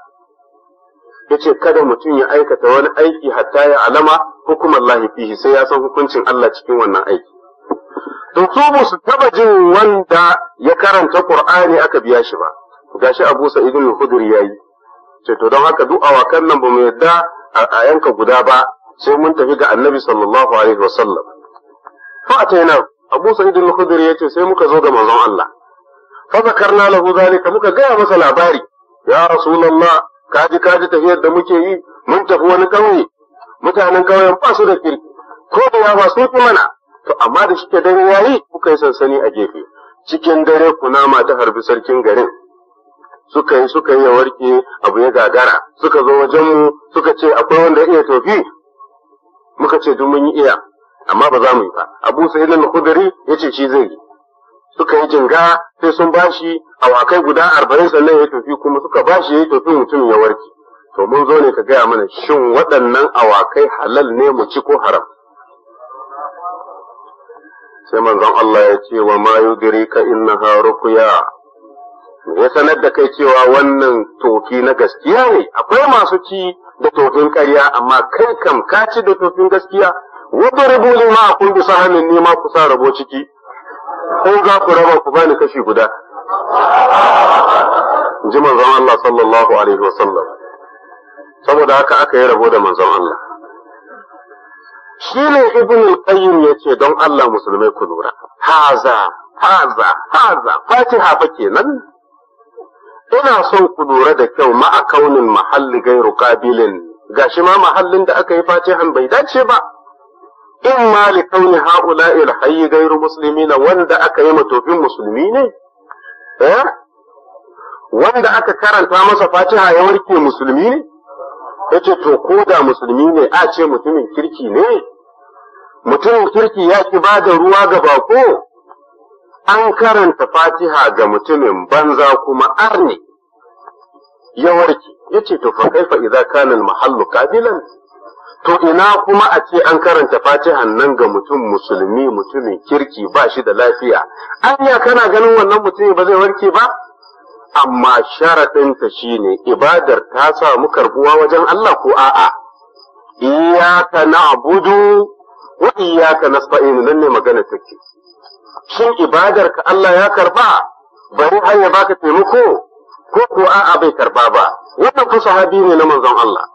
ya ce kada mutum ya aikata wani aiki hatta ya alama hukumar Allah fihi sai ya san hukuncin Allah cikin wannan aiki to su ba su jin wanda ya karanta Qur'ani aka biya shi ba gashi Abu Sa'id al-Khudri yayi ce to don haka duk awakan nan ba mu yadda a yanka guda ba sai mun tafi ga Annabi sallallahu alaihi wasallam fa Abu Sa'id al-Khudri yace sai muka zo ga manzon Allah fa zakarna lahu zalika muka gaya masa labari ya rasulullah kaji kaji tafiyar da muke yi mun tafi wani kauye mutanen ƙauyen ba su da kirki ko da yawa su fi mana to amma da shike dare yayi muka yi sansani a gefe cikin dare kunama ta harbi sarkin garin suka yi suka yi warke abu ya gagara suka zo wajenmu suka ce akwai wanda iya tofi muka ce duk mun yi iya amma ba za mu yi ba abu sa'id al ya ce shi zai yi suka yi jinga sai sun bashi awakai guda arba'in sannan ya tofi kuma suka bashi ya tofi mutum ya warke to mun zo ne ka gaya mana shin waɗannan awakai halal ne mu ci ko haram sai manzon Allah ya ce wa ma yudrika innaha ruqya ya sanar da kai cewa wannan tofi na gaskiya ne akwai masu ci da tofin ƙarya amma kai kam ka ci da tofin gaskiya wadribu ne ma kun bi sahamin ne ma ku rabo ciki ko za ku raba ku bani kashi guda ji manzon Allah sallallahu alaihi wasallam saboda haka aka yi rabo da manzon Allah shi ne ibn al-qayyim yace don Allah musulmai ku lura haza haza haza fatiha fa kenan ina son ku lura da kyau ma'a kaunin mahalli gairu kabilin gashi ma mahallin da aka yi fatihan bai dace ba in ma li kauni haula il hayy gairu muslimina wanda aka yi matofin musulmi ne eh wanda aka karanta masa fatiha ya warke musulmi ne yace to ko da musulmi ne a ce mutumin kirki ne mutumin kirki ya ki ba da ruwa ga bako an karanta fatiha ga mutumin banza kuma arni ya warke yace to fa kaifa idza kana al mahallu qabilan to ina kuma a ce an karanta fatihan nan ga mutum musulmi mutumin kirki ba shi da lafiya anya kana ganin wannan mutumin ba zai warke ba amma sharaɗinta shine ibadar ta samu karbuwa wajen Allah ko a'a iyaka na'budu wa iyaka nasta'in nan ne magana take shin ibadar ka Allah ya karba bari har ya baka taimako ko ko a'a bai karba ba wannan ku sahabi ne na manzon Allah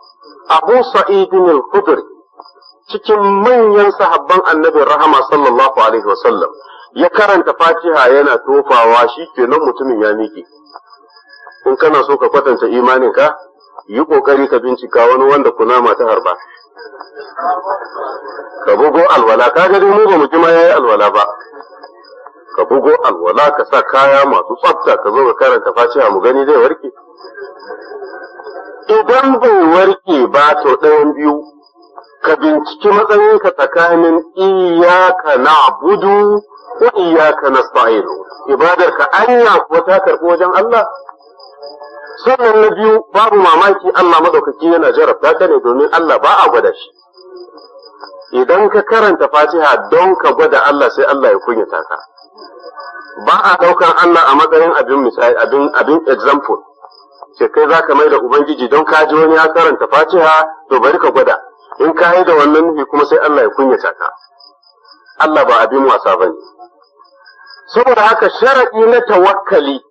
Abu Sa'idin al-Khudri cikin manyan sahabban annabin rahama sallallahu alaihi wasallam ya karanta fatiha yana tofawa shi kenan mutumin ya miƙe in kana so ka kwatanta ka yi kokari ka bincika wani wanda kunama ta harba ka bugo alwala ka ga mu ba mu ji ma yayi alwala ba ka bugo alwala ka sa kaya masu tsafta ka zo ka karanta fatiha mu gani zai warke idan bai warke ba to ɗayan biyu ka binciki matsayinka tsakanin iyaka na budu ko iyaka na sa'ilu ibadar ka anya kuwa ta karɓi wajen Allah sannan na biyu babu mamaki Allah maɗaukaki yana jarabta ta ne domin Allah ba a gwada shi idan ka karanta fatiha don ka gwada Allah sai Allah ya kunyata ka ba a ɗaukar Allah a matsayin abin abin example ce kai za ka mai da ubangiji don ka ji wani ya karanta fatiha to bari ka gwada in ka yi da wannan nufi kuma sai Allah ya kunyata ka Allah ba abin wasa ba ne saboda haka sharaɗi na tawakkali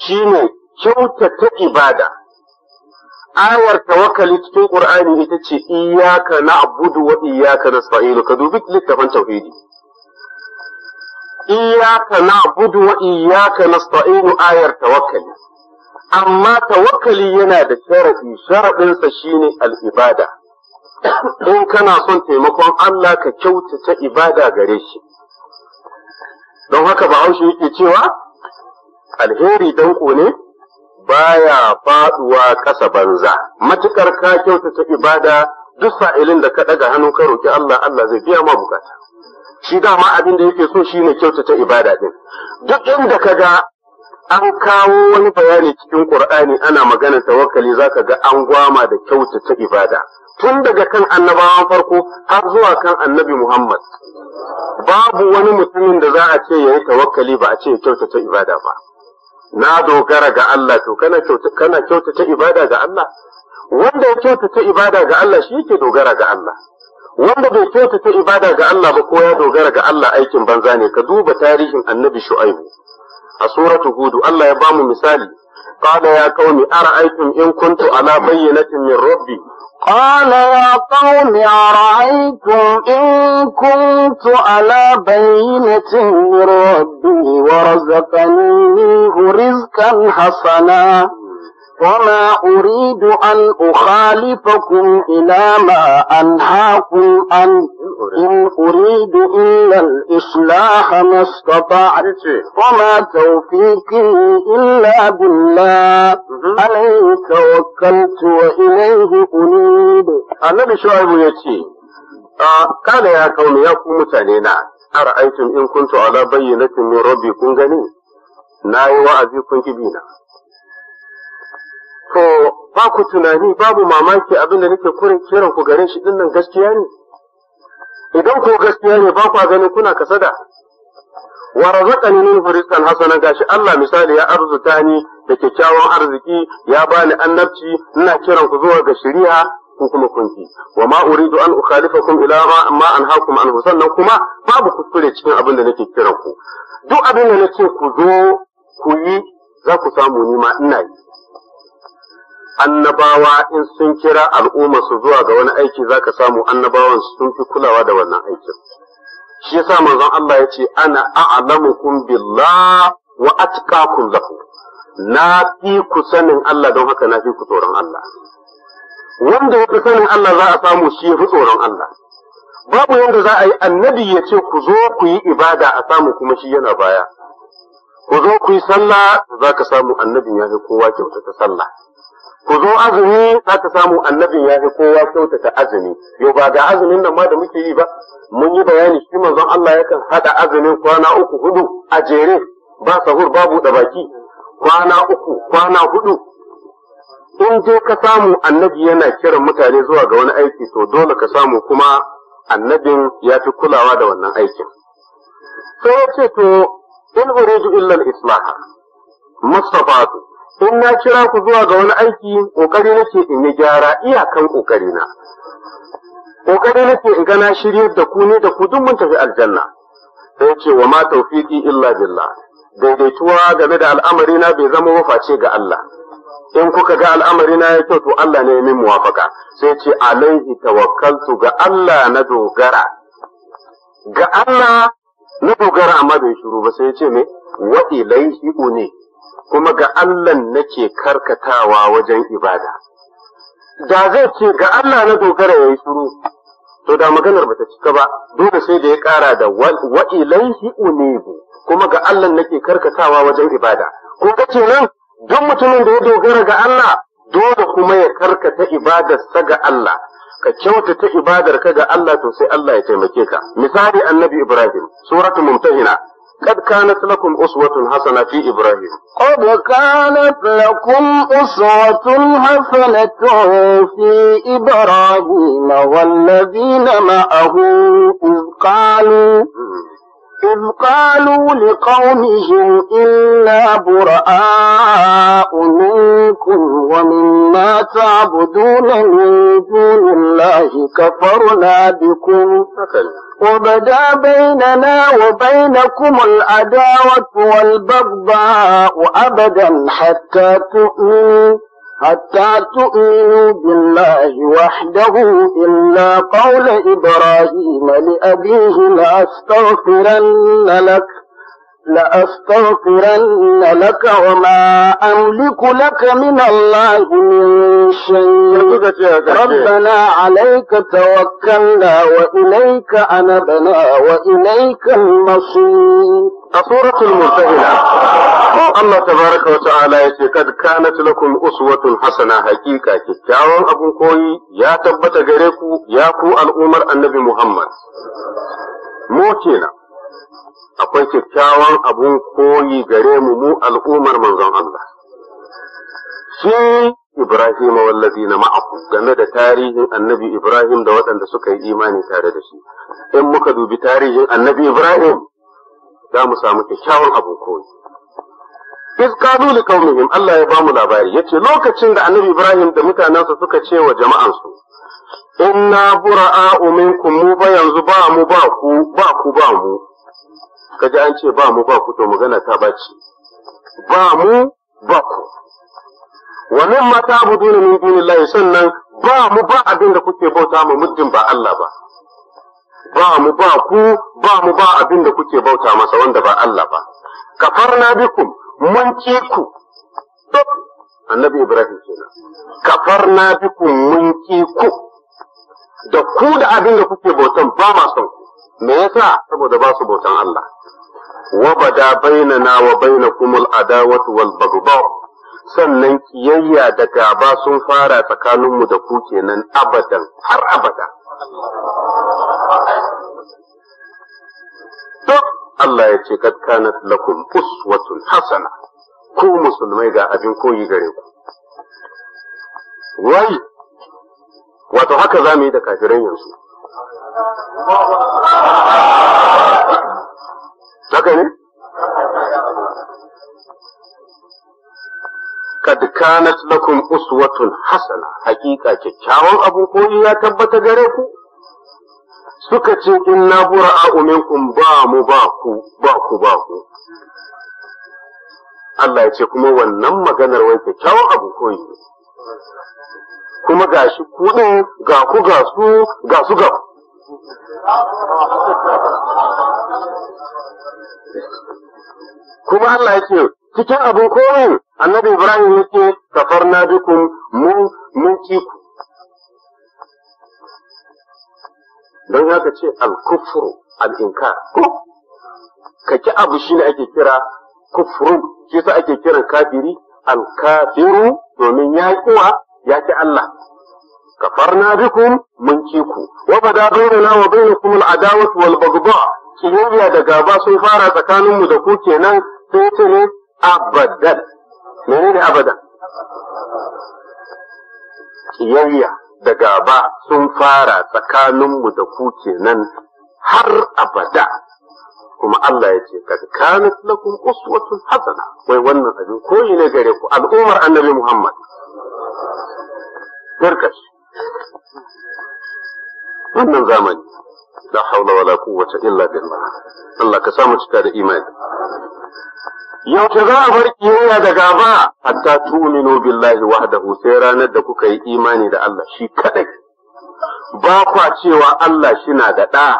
shine kyautata ibada ayar tawakkali cikin Ƙur'ani ita ce iyyaka na'budu wa iyyaka nasta'inu ka dubi littafin tauhidi iyyaka na'budu wa iyyaka nasta'inu ayar tawakkali amma tawakkali yana da sharaɗi sharaɗinsa shine al'ibada in kana son taimakon Allah ka kyautata ibada gare shi don haka ba bahaushe yake cewa alheri danko ne baya faɗuwa ƙasa banza matukar ka kyautata ibada duk sa'ilin da ka ɗaga hannu ka roki Allah Allah zai biya ma bukata shi dama abin da yake so shine kyautata ibada ɗin, duk inda ka ga an kawo wani bayani cikin Qur'ani ana maganar tawakkali zaka ga an gwama da kyautata ibada tun daga kan annabawan farko har zuwa kan annabi Muhammad babu wani mutumin da za a ce ya yi tawakkali ba a ce kyautata ibada ba na dogara ga Allah to kana kana kyautata ibada ga Allah wanda ya kyautata ibada ga Allah shi yake dogara ga Allah wanda bai kyautata ibada ga Allah ba ko ya dogara ga Allah aikin banza ne ka duba tarihin annabi Shu'aibu a هود الله يبام مثال قال يا قوم أرأيتم إن كنت على بينة من ربي قال يا قوم أرأيتم إن كنت على بينة من ربي ورزقني منه رزقا حسنا وما أريد أن أخالفكم إلى ما أنهاكم أن إن أريد إلا الإصلاح ما استطعت وما توفيقي إلا بالله عليه توكلت وإليه أنيب النبي شعيب يتي قال آه، يا قوم يا قوم أرأيتم إن كنت على بينة من ربي كن غني na yi wa'azi to ba ku tunani babu mamaki abin nake kurin kiran ku gare shi dinnan gaskiya ne idan ko gaskiya ne ba ku ganin kuna kasada wa razaqani min rizqan hasana gashi Allah misali ya arzuta ni da kyakkyawan arziki ya bani annabci ina kiran ku zuwa ga shari'a ku kuma kunki wa ma uridu an ukhalifakum ila ma anhaakum an sannan kuma babu kuskure cikin abin da nake kiran ku duk abinda da nake ku zo ku yi za ku samu ni ma ina yi annabawa in sun kira al'umma su zuwa ga wani aiki za ka samu annabawan sun fi kulawa da wannan aikin shi yasa manzon Allah ya ce ana a'lamukum billah wa atqakum lahu na fi ku sanin Allah don haka na fi ku tsoron Allah wanda ya sanin Allah za a samu shi ya fi tsoron Allah babu yadda za a yi annabi ya ce ku zo ku yi ibada a samu kuma shi yana baya ku zo ku yi sallah za ka samu annabin ya fi kowa kyauta ta sallah ku zo azumi za ka samu annabin ya fi kowa kyautata azumi yau ba ga azumin nan ma da muke yi ba mun yi bayani shi manzon Allah yakan hada azumin kwana uku hudu a jere ba sahur babu da baki kwana uku kwana hudu in je ka samu annabi yana kiran mutane zuwa ga wani aiki to dole ka samu kuma annabin ya fi kulawa da wannan aikin sai ya ce to in uridu illa al-islah mustafatu in na kira ku zuwa ga wani aiki ƙoƙari nake in yi gyara iyakan ƙoƙari na ƙoƙari nake in ga na shiryar da ku ne da ku duk mun tafi aljanna sai ce wa ma tawfiqi illa billah daidaituwa game da al'amari bai zama waface ga Allah in kuka ga al'amari na ya kyau to Allah ne ya min muwafaka sai ce alaihi tawakkaltu ga Allah na dogara ga Allah na dogara amma bai shiru ba sai ya ce me wa ilaihi uni kuma ga Allah nake karkatawa wajen ibada. Da zai ce ga Allah na dogara ya yi shuru, to da maganar bata cika ba, dole sai da ya ƙara da wa unibu, kuma ga Allah nake karkatawa wajen ibada. ka ce nan duk mutumin da ya dogara ga Allah, dole kuma ya karkata ibadarsa ga Allah. Ka kyautata ibadarka ga Allah to sai Allah ya taimake ka. Misali annabi Ibrahim, suratu mumtahina. قد كانت لكم أسوة حسنة في إبراهيم قد كانت لكم أسوة حسنة في إبراهيم والذين معه إذ قالوا إذ قالوا لقومهم إنا براء منكم ومما تعبدون من دون الله كفرنا بكم وبدا بيننا وبينكم العداوة والبغضاء أبدا حتى تؤمنوا حتى تؤمنوا بالله وحده إلا قول إبراهيم لأبيه لأستغفرن لك لأستغفرن لك وما أملك لك من الله من شيء ربنا عليك توكلنا وإليك أنبنا وإليك المصير سورة المرتهلة Allah tabaraka wa ta'ala yace kad kanat lakum uswatun hasana haqiqa kyakkyawan abun koyi ya tabbata gare ku ya ku al'ummar Annabi Muhammad mu kenan akwai kyakkyawan abun koyi gare mu mu al'ummar manzon Allah shi Ibrahim wallazi na game da tarihin annabi Ibrahim da waɗanda suka yi imani tare da shi in muka dubi tarihin annabi Ibrahim za mu samu kyakkyawan abun koyi iz qalu li Allah ya bamu labari yace lokacin da annabi Ibrahim da mutanensa suka ce wa jama'ansu inna bura minkum mu ba yanzu ba mu ba ku ba ku ba mu kaji an ce ba mu ba ku to magana ta bace ba mu ba ku wa mimma ta'buduna min dunillahi sannan ba mu ba abin da kuke bauta mu muddin ba Allah ba ba mu ba ku ba mu ba abin da kuke bauta masa wanda ba Allah ba Kafar na bikum mun ci ku annabi ibrahim na bi ku mun ci ku da ku da abin da kuke bautan ba ma son me yasa saboda ba su bautan Allah wa bada bainana wa bainakumul adawatu wal baghdha sannan kiyayya da gaba sun fara tsakaninmu da ku kenan abadan har abada duk Allah ya ce kad kanat lakum uswatun hasana ku musulmai ga abin koyi gare ku wai wato haka za mu yi da kafiran yanzu haka ne kad kanat lakum uswatun hasana hakika kyakkyawan abin koyi ya tabbata gare ku suka ce inna bura'a'u minkum ba mu ba ku ba ku ba ku Allah ya ce kuma wannan maganar wai kyakkyawan abu koyi kuma ga shi kuɗin ga ku ga su ga su ga kuma Allah ya ce cikin abin koyi annabi Ibrahim yake kafarna bikum mun mun ci ku don haka ce al-kufru al-inkar ko ka ki abu shine ake kira kufrun shi sa ake kiran kafiri al-kafiru domin ya kuwa ya ki Allah kafarna bikum mun ki ku wa bada bainana wa bainakum al-adawatu wal baghdha kiyayya da gaba sun fara tsakaninmu da ku kenan sun ce ne abadan menene abadan kiyayya da gaba sun fara tsakaninmu da ku kenan har abada kuma Allah ya ce kad kanat lakum uswatun hasana wai wannan abin koyi ne gare ku al'ummar annabi Muhammad garkashi wannan zamani la haula wala quwwata illa billah Allah ka samu cika da imani yaushe za a bar kiyayya da gaba hatta tu'minu billahi wahdahu sai ranar da kuka yi imani da Allah shi kadai ba kwa cewa Allah shina da ɗa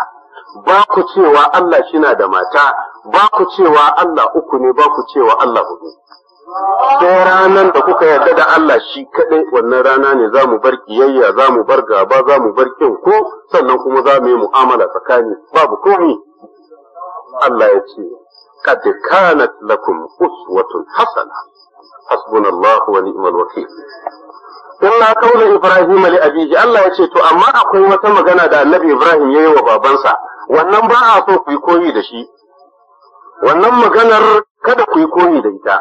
ba ku cewa Allah shina da mata ba ku cewa Allah uku ne ba ku cewa Allah hudu sai ranar da kuka yarda da Allah shi kadai wannan rana ne za mu bar kiyayya za mu bar gaba za mu bar kin ko sannan kuma za mu yi mu'amala tsakani babu komai Allah ya ce قد كانت لكم أسوة حسنة حسبنا الله ونعم الوكيل إلا قول إبراهيم لأبيه الله يشي تو أما أقوي وتمغنى دا النبي إبراهيم يي وبابنسا wannan ba a so ku yi koyi da shi wannan maganar kada ku yi koyi da ita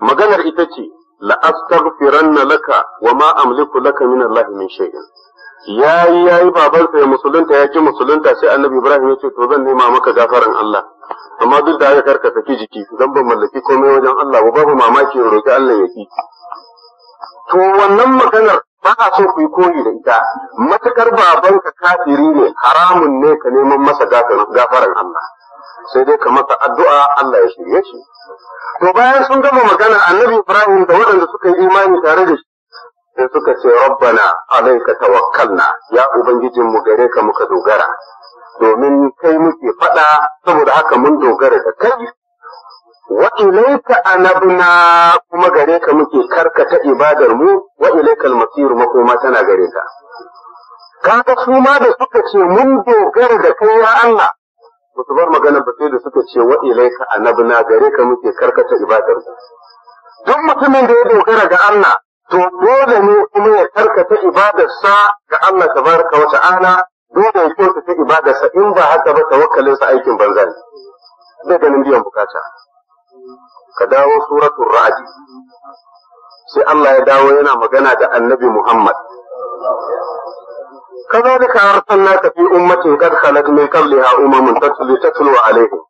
maganar ita ce la astaghfiranna laka wa ma amliku laka min Allah min shay'in ya yi ya yi babansa ya musulunta ya ki musulunta sai annabi ibrahim ya ce to zan nema maka gafaran allah amma duk da haka karka saki jiki zan ban mallaki komai wajen allah ba babu mamaki ya roki allah ya ki to wannan maganar ba a so ku yi koyi da ita matakar babanka kafiri ne haramun ne ka neman masa gafaran allah sai dai ka masa addu'a allah ya shirye shi to bayan sun gama magana annabi ibrahim da waɗanda suka yi imani tare da shi sai suka ce rabbana alaika tawakkalna ya ubangijin mu gare ka muka dogara domin kai muke faɗa saboda haka mun dogara da kai wa ilaika anabna kuma gare ka muke karkata ibadar mu wa ilaika almasir makoma tana gare ka kaga su ma da suka ce mun dogara da kai ya Allah ba su bar magana ba sai da suka ce wa ilaika anabna gare ka muke karkata ibadar mu duk mutumin da ya dogara ga Allah to dole ne kuma ya karkata ibadarsa ga Allah tabaraka wa ta'ala dole ya kyautata ibadarsa in ba haka ba tawakkalin sa aikin banza ne zai ganin biyan bukata ka dawo suratul ra'd sai Allah ya dawo yana magana da annabi Muhammad كذلك أرسلناك في أمة قد خلت من قبلها أمم تتلو عليهم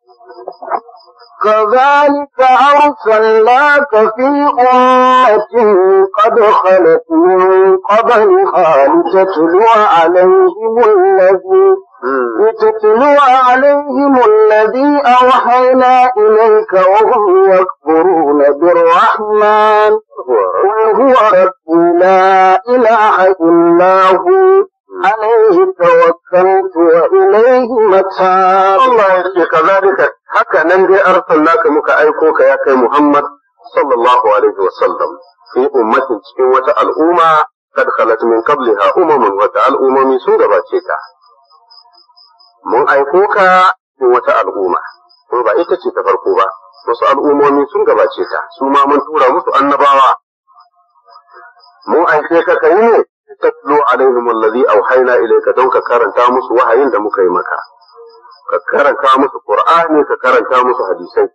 كذلك أرسلناك في أمة قد خلت من قبلها لتتلو عليهم الذي لتتلو عليهم الذي أوحينا إليك وهم يكفرون بالرحمن aiko ka ya kai Muhammad sallallahu alaihi wasallam fi ummatin cikin wata al'umma kad khalat min qabliha umamun wata al'ummomi sun gabace ta mun aiko ka cikin wata al'umma ko ba ita ce ta farko ba wasu al'ummomi sun gabace ta su ma mun tura musu annabawa mun aike ka kai ne tatlu alaihim alladhi auhayna ilayka don ka karanta musu wahayin da muka yi maka ka karanta musu qur'ani ka karanta musu hadisai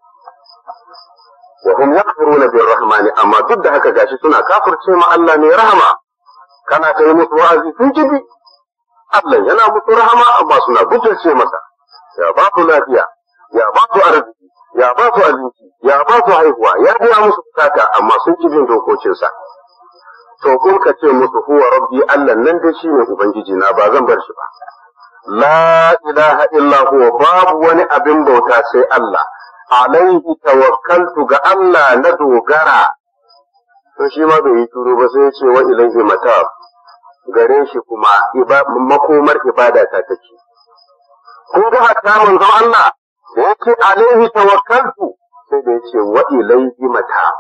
wa hum yakfuruna bir rahmani amma duk da haka gashi suna kafirce ma Allah ne rahama kana kai yi musu wa'azi sun kibi Allah yana musu rahama amma suna butulce masa ya ba su lafiya ya ba su arziki ya ba su ya ba su haihuwa ya biya musu bukata amma sun kibin dokokinsa to kun ka ce musu huwa rabbi Allah nan dai shine ubangiji na ba zan bar shi ba la ilaha illa huwa babu wani abin bauta sai Allah alaihi tawakkaltu ga Allah na dogara to shi ma bai yi turu ba sai ya ce wa ilaihi mata gare shi kuma makomar ibada ta take kun ga hatta manzo Allah ya ce alaihi tawakkaltu sai da ya ce wa ilaihi mata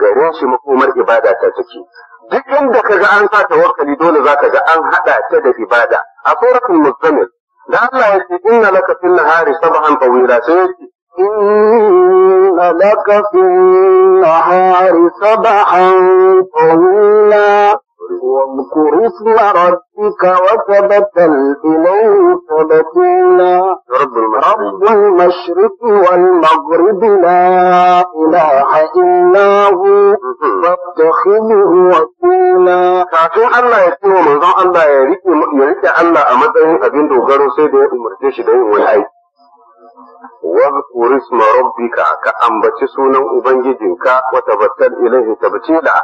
gare shi makomar ibada ta take duk inda kaga an sa tawakkali dole zaka ga an hada ta da ibada a suratul muzammil da Allah yace inna laka fil nahari sabhan tawila sai yace إن لك في النهار سبحا طويلا واذكر اسم ربك وتبتل إليه تبتيلا رب المشرق والمغرب لا إله إلا هو فاتخذه وكيلا كافي الله يكون من الله يريد يريد الله أمدهم أبين دوغارو سيدي أمرتيش دين والعيد واذكر ka ambaci sunan Ubangijinka أبنجدك وتبتل إليه تبتيلا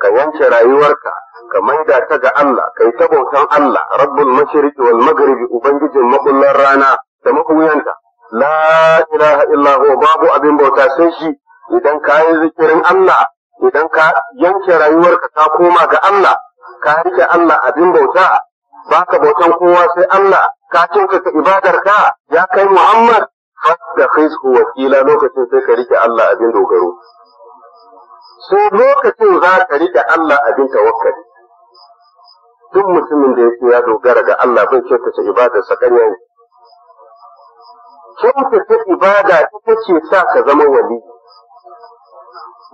ka yanke rayuwarka ka maida ta ga Allah kai ta bautan Allah rabbul mashriqi wal maghribi ubangijin makullar rana da makuyanta la ilaha illa huwa babu abin bauta sai shi idan ka yi zikirin Allah idan ka yanke rayuwarka ka koma ga Allah ka rike Allah abin bauta baka bautan kowa sai Allah ka kyautata ka ya kai Muhammad fastakhizhu wakila lokacin sai ka rike Allah abin dogaro sai lokacin za ka rike Allah abin tawakkali duk mutumin da yake ya dogara ga Allah bai kyautata ibadarsa kanya ne kyautata ibada ita ce sa ka zama wali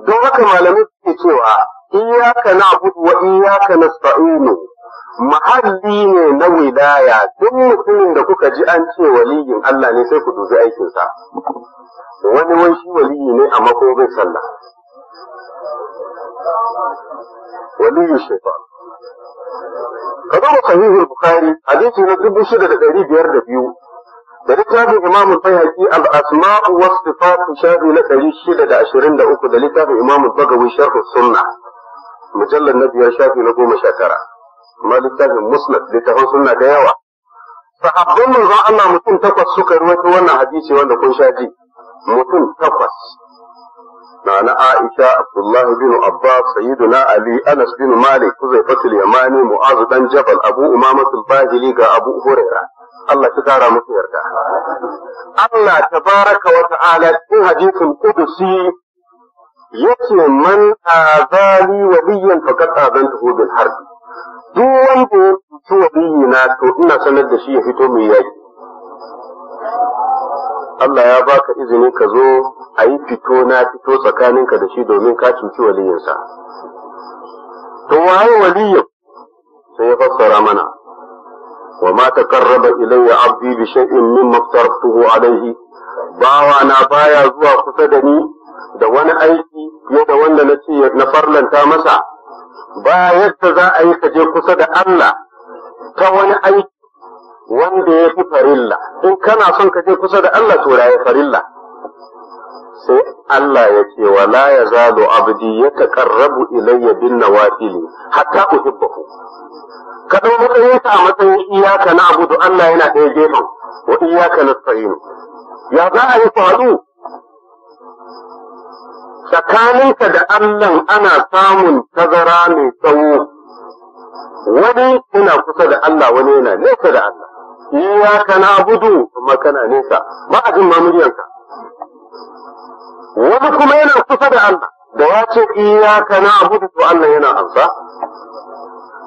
don haka malamai suke cewa iyyaka na'budu wa iyyaka nasta'inu mahalli ne na wilaya duk mutumin da kuka ji an ce waliyin Allah ne sai ku dubi aikinsa wani wai shi waliyi ne a makobin sallah waliyin shaitan ka duba sahihul bukhari hadisi na dubu shida da ɗari biyar da biyu da littafin imam bayhaqi al asma'u was sifat shafi na ɗari shida da ashirin da uku da littafin imam bagawi sharh sunna mujallar na biyar shafi na goma sha tara amma littafin musnad littafin sunna da yawa sahabban manzon Allah mutum takwas suka ruwaito wannan hadisi wanda kun sha ji mutum takwas na Aisha Abdullah bin Abbas Sayyiduna Ali Anas bin Malik Huzaifa al-Yamani Mu'az dan Jabal Abu Umama al-Bahili ga Abu Hurairah Allah ta kara musu yarda Allah tabaraka wa ta'ala cikin hadisin qudusi yace man azali waliyan faqad azantuhu bil harbi duk wanda ya cuci waliyi na to ina sanar da shi ya fito mai yaki Allah ya baka izini ka zo a yi fito na fito tsakaninka da shi domin ka cuci waliyinsa to waye waliyin sai ya fassara mana wa ma taqarraba ilayya abdi bi shay'in min aftaratuhu alayhi bawa na baya zuwa kusa da ni da wani aiki fiye da wanda na ce na farlanta masa ba yadda za a yi ka je kusa da Allah ta wani aiki wanda ya fi farilla in kana son ka je kusa da Allah to ya farilla sai Allah ya ce wa la ya zalo abdi ya taqarrabu ilayya bin nawafil hatta uhibbahu ka dau matsayin a matsayin iyaka na abudu Allah yana da gefen wa iyaka nasta'in ya za a yi faɗu tsakaninka da Allah ana samun tazara mai tsawo, wani yana kusa da Allah wani yana nesa da Allah, iya kana gudu amma kana nesa, ba a jin mamuryanka. Wani kuma yana kusa da Allah, da ya ce iya kana gudu to Allah yana amsa.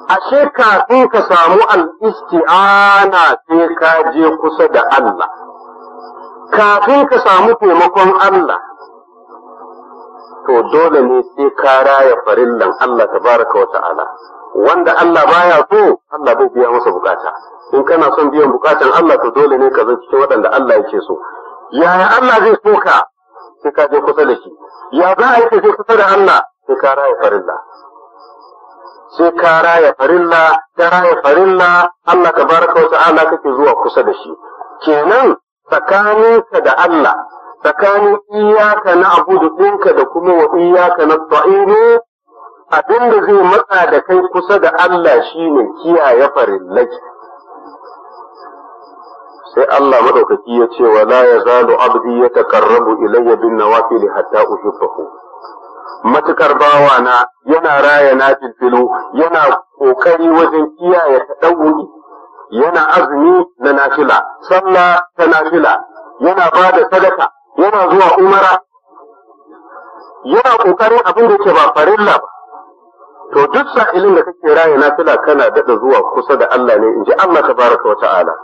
Ashe kafin ka samu al'isti'ana sai ka je kusa da Allah, kafin ka samu taimakon Allah. to dole ne sai ka raya farillan Allah tabaraka wa ta'ala wanda Allah baya so Allah bai biya masa bukata in kana son biyan bukatan Allah to dole ne ka zo cikin waɗanda Allah yake so yaya Allah zai so ka sai ka je kusa da shi ya za a yi ka je kusa da Allah sai ka raya farilla sai ka raya farilla ka raya farilla Allah tabaraka wa ta'ala kake zuwa kusa da shi kenan tsakaninka da Allah tsakanin iyaka na abu da ɗinka da kuma wa iyaka na ta'inu abin da zai matsa da kai kusa da Allah shi ne kiyaye farillaki. Sai Allah maɗaukaki ya ce wa la ya zalo abdi ya taƙarrabu ilayya bin nawafili hatta uhibbahu. Matukar bawa na yana raya na filfilu yana ƙoƙari wajen kiyaye taɗauri yana azumi na nafila, sallah ta nafila, yana ba da sadaka, yana zuwa umara yana ƙoƙarin abin da ke ba farilla ba to duk sa'ilin da kake raya nafila kana daɗa zuwa kusa da Allah ne in ji Allah tabaraka wa ta'ala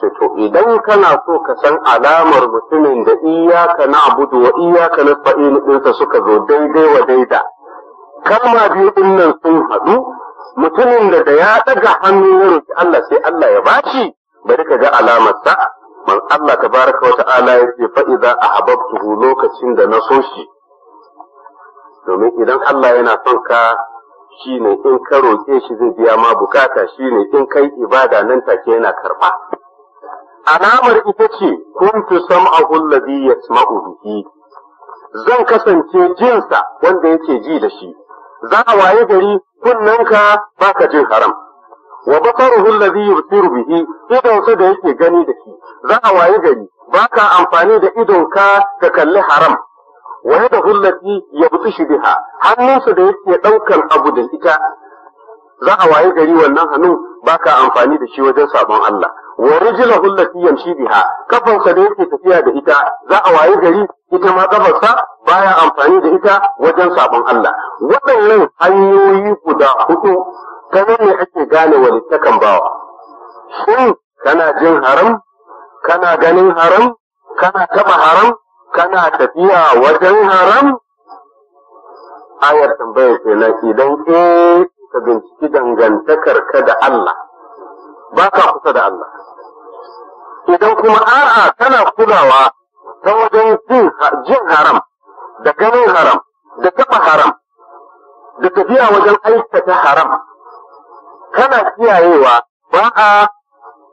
sai to idan kana so ka san alamar mutumin da iyaka na abudu wa iyaka na fa'in suka zo daidai wa daida kalma biyu innan nan sun haɗu mutumin da da ya daga hannu ya Allah sai Allah ya bashi bari ka ga alamarsa man Allah baraka wa ta'ala ya ce fa idza ahbabtuhu lokacin da na so shi domin idan Allah yana son ka shine in ka roƙe shi zai biya ma bukata shine in kai ibada nan take yana karɓa. alamar ita ce kuntu sam'ahu alladhi yasma'u bihi zan kasance jinsa wanda yake ji da shi za a waye gari kunnanka baka jin haram wa basaruhu allazi yubsiru bihi idan sa da yake gani da shi za a wayi gari baka amfani da idon ka ka kalli haram wa ya allazi yabtishu biha hannunsa da yake daukan abu da ita za a wayi gari wannan hannun baka amfani da shi wajen sabon Allah wa rijluhu allati yamshi biha kafansa da yake tafiya da ita za a wayi gari ita ma sa baya amfani da ita wajen sabon Allah waɗannan hanyoyi guda hudu ta nan ne ake gane wani takan bawa shin kana jin haram kana ganin haram kana taba haram kana tafiya wajen haram ayar tambaya nan idan eh ka binciki dangantakar ka da Allah ba ka kusa da Allah idan kuma a'a kana kulawa ta wajen jin haram da ganin haram da taba haram da tafiya wajen aikata haram kana kiyayewa ba a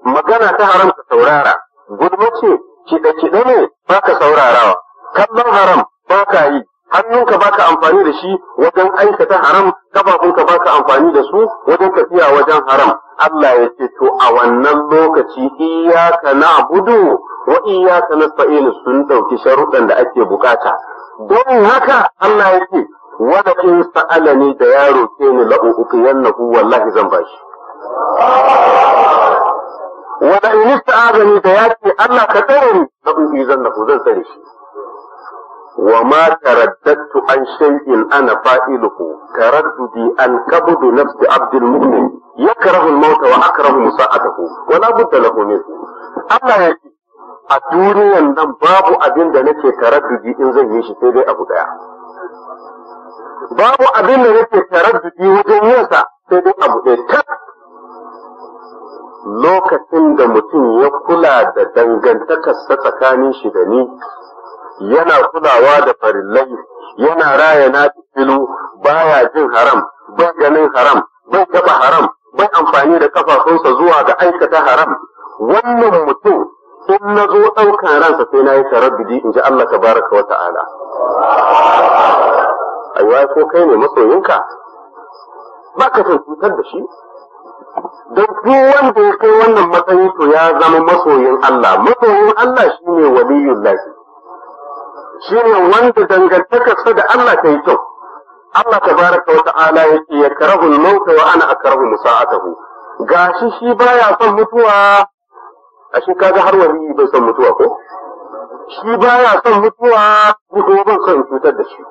magana ta haram ka saurara gudu ce kiɗe-kiɗe ne ba ka saurarawa kallon haram ba ka yi hannunka ba ka amfani da shi wajen aikata haram kafafunka ba ka amfani da su wajen tafiya wajen haram Allah ya ce to a wannan lokaci iyaka na gudu wa iyaka na sun ɗauki sharuɗan da ake bukata don haka Allah ya ce wada in sa'alani da ya roƙe ni la uqiyannahu wallahi zan ba bashi wada in ista'azani da ya ce Allah ka tsare ni la uqiyannahu zan zan tsare shi wa ma taraddadtu an shay'in ana fa'iluhu taraddudi an qabdu nafsi abdul mu'min yakrahu al-maut wa akrahu musa'atahu wa la budda lahu min Allah ya ce a duniyan nan babu abin da nake taraddudi in zan yi shi sai dai abu daya babu abin da yake taraddudi wajen yinsa sai dai abu ɗaya ta lokacin da mutum ya kula da dangantakarsa tsakanin shi da ni yana kulawa da farillai yana raya na filu baya jin haram bai ganin haram bai taɓa haram bai amfani da kafafunsa zuwa ga aikata haram wannan mutum in na zo ɗaukan ransa sai na yi taraddudi in ji Allah tabaraka wa ta'ala aiwa ko kai ne masoyinka ba ka son cutar da shi don duk wanda ya kai wannan matsayin to ya zama masoyin Allah masoyin Allah shine waliyul Shi shine wanda dangantakarsa da Allah ta yi kyau Allah baraka wa ta'ala ce ya karahu al-mauta wa ana akrahu musa'atahu gashi shi baya son mutuwa ashe kaga har wani bai son mutuwa ko shi baya son mutuwa ni ko ban son cutar da shi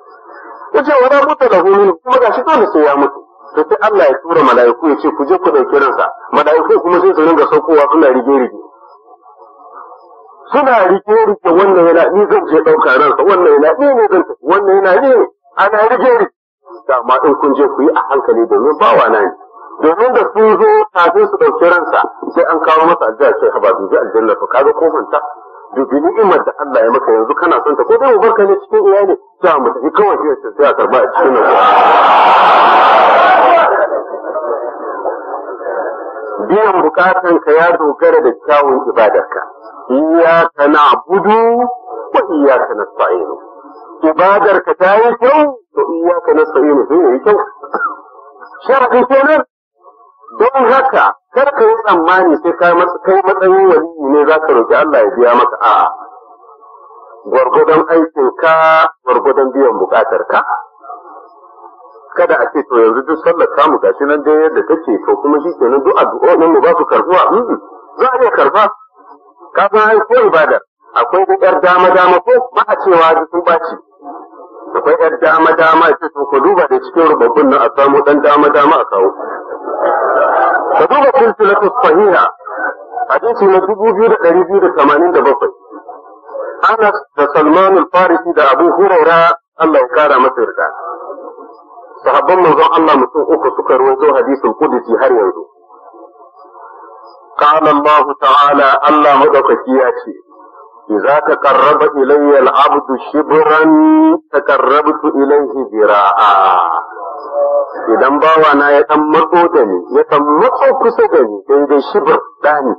ce wa la mutta lahu min kuma gashi dole sai ya mutu to sai Allah ya tura mala'iku ya ce ku je ku dauki ransa mala'iku kuma sai su ringa saukowa suna rige rige suna rige rige wannan yana ni zan je dauka ransa wannan yana ni ne zan wannan yana ni ana rige rige da ma in kun je ku yi a hankali domin ba wa nan domin da sun zo kafin su dauki ransa sai an kawo masa aljanna sai haba bi aljanna fa kaga ko manta dubi ni'imar da Allah ya maka yanzu kana son ta ko dai ubarka ne cikin iyali sai mu tafi kawai sai sai a karba a cikin nan biyan bukatan ka ya dogara da kyawun ibadarka iya kana budu ko iya kana nasta'in ibadarka ta yi kyau to iya kana nasta'in sai yi kyau sharadin kenan don haka kar ka yi tsammani sai ka kai matsayin waliyi ne za ka roƙi Allah ya biya maka a'a gwargwadon aikin ka gwargwadon biyan buƙatar ka kada a ce to yanzu duk sallar samu gashi nan dai yadda take to kuma shi kenan duk addu'o'in mu ba su karbuwa hmm. za a iya karba ka san ai ko ibada akwai da yar dama dama ko ba a cewa duk sun baci akwai yar dama dama ce to ku duba da cikin rubabbun nan a samu dan dama dama a kawo ka duba silsilatu sahiha hadisi na dubu biyu da ɗari biyu da tamanin da bakwai Anas da Salman farisi da Abu Huraira Allah ya kara masa yarda sahabban manzon Allah mutum uku suka ruwaito hadisin kudusi har yanzu قال الله تعالى الله مدوكي ياتي إذا تقرب إلي العبد شبرا تقربت إليه ذراعا idan bawa na ya dan matso da ni ya dan matso kusa da ni dan dai shibir dani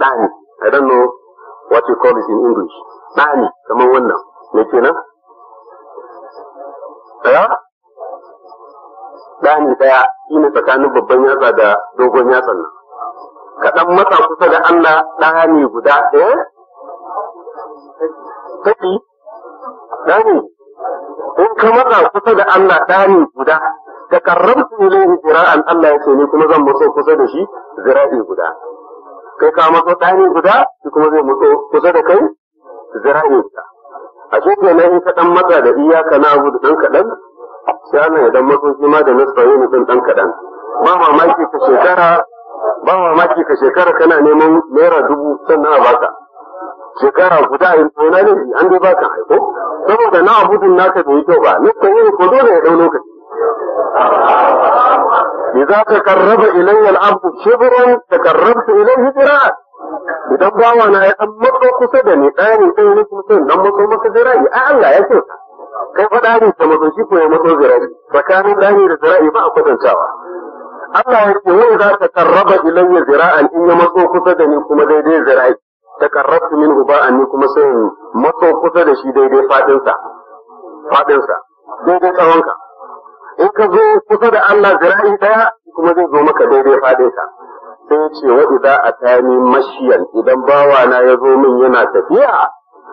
dani i don't know what you call it in english dani kamar wannan me kenan eh dani daya shine tsakanin babban yatsa da dogon yatsan nan ka dan mata kusa da Allah dani guda eh tafi dani in ka mata kusa da Allah dani guda da karramtu ilaihi zira'an Allah ya ce ni kuma zan matso kusa da shi zira'i guda kai ka matso ɗani guda shi kuma zai matso kusa da kai zira'i guda a shi nan in ka dan matsa da iyaka na abu da dan kaɗan sai Allah ya dan matso shi ma da nasfayi mutum dan kaɗan ba mamaki ka shekara ba mamaki ka shekara kana neman naira dubu sannan a baka shekara guda in tona ne an dai baka haiko saboda na abudun naka bai yi kyau ba nasfayi ko dole ya ɗau lokaci idza taqarraba ilayya al-abdu shibran taqarrabtu ilayhi idan bawa na ya dan matso kusa da ni ɗaya ne ɗaya ne kuma sai dan matso masa zira'i a Allah ya ce kai faɗa ne ta matso shi ko ya matso zira'i tsakanin ɗani da zira'i ba a kwatantawa Allah ya ce wai za ta karraba ilayya zira'an in ya matso kusa da ni kuma daidai zira'i ta karrabtu min huba'an ni kuma sai matso kusa da shi daidai faɗinsa faɗinsa daidai tsawonka in ka zo kusa da Allah zira'i daya kuma zai zo maka daidai fadin ka. sai ce wa idza atani mashiyan idan bawa na ya zo min yana tafiya a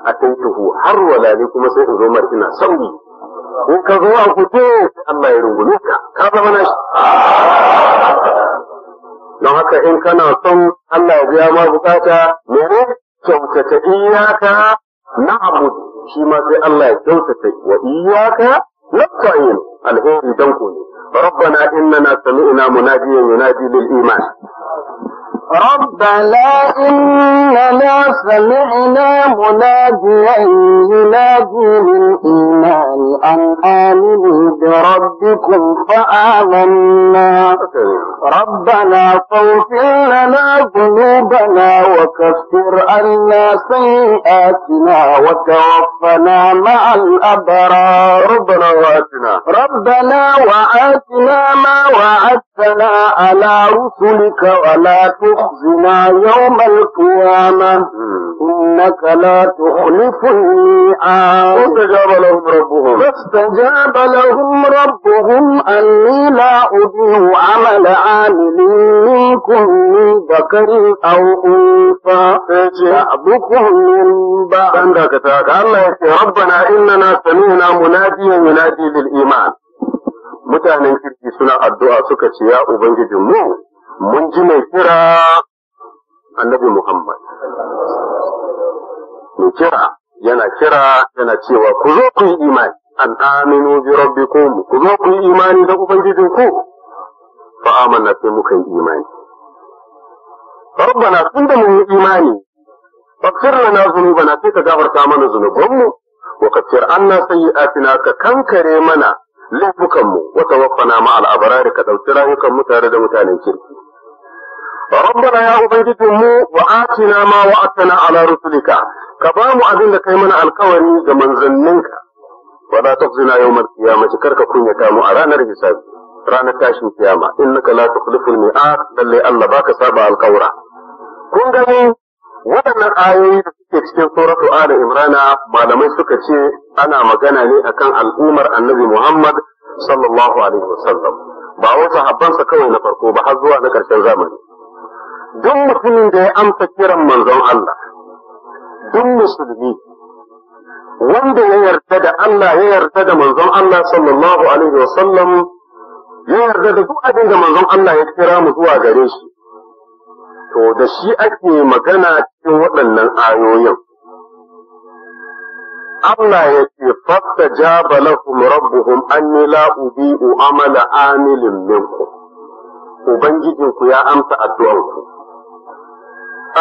ataituhu har wala ne kuma sai in zo mar ina sauri in ka zo a fito sai Allah ya rungume ka ka zama na shi don haka in kana son Allah ya biya ma bukata ne? kyautata iyaka na abu shi ma sai Allah ya kyautata wa iyaka نستعين الهير دنكوني ربنا إننا سمعنا مناديا ينادي للإيمان ربنا إننا سمعنا مناديا ينادي للإيمان أن آمنوا بربكم فآمنا ربنا فاغفر لنا ذنوبنا وكفر عنا سيئاتنا وتوفنا مع الأبرار ربنا وآتنا ربنا وآتنا ما وعدتنا ربنا على رسلك ولا تخزنا يوم القيامة إنك لا تخلف الميعاد فاستجاب لهم ربهم فاستجاب لهم ربهم أني لا أضيع عمل عامل منكم من ذكر أو أنثى بعضكم من بعض عندك الله ربنا إننا سمعنا مناديا ينادي للإيمان mutanen kirki suna addu'a suka ce ya ubangijin mu mun ji mai kira annabi Muhammad mai kira yana kira yana cewa ku zo ku yi imani an aminu bi rabbikum ku zo ku yi imani da ubangijin ku fa amanna sai muka yi imani rabbana da mun yi imani fakfir lana zunubana sai ka gafarta mana zunubanmu wa kaffir anna sayyi'atina ka kankare mana laifukanmu wa tawaffana ma al'abarari ka ɗauki rayukanmu tare da mutanen kirki. Rabbana ya Ubangiji mu wa atina ma wa atana ala rusulika ka ba mu abin da kai mana alkawari ga manzanninka wala tafzina yawmal qiyamati karka kunyata mu a ranar hisabi ranar tashin kiyama innaka la tukhlifu miad lalle Allah baka saba alkawra kun gani waɗannan ayoyi da suke cikin suratu Ali Imrana malamai suka ce ana magana ne akan al'ummar Annabi Muhammad sallallahu alaihi wasallam ba wai sahabbansa kawai na farko ba har zuwa na ƙarshen zamani duk mutumin da ya amsa kiran manzon Allah duk musulmi wanda ya yarda da Allah ya yarda da manzon Allah sallallahu alaihi wasallam ya yarda da duk abin da manzon Allah ya kira mu zuwa gare shi to da shi ake magana cikin waɗannan ayoyin. Allah ya ce, Fasta jaba lahum rabbuhum anni la ubi'u amala amilin minku, Ubangijinku ya amsa addu'anku.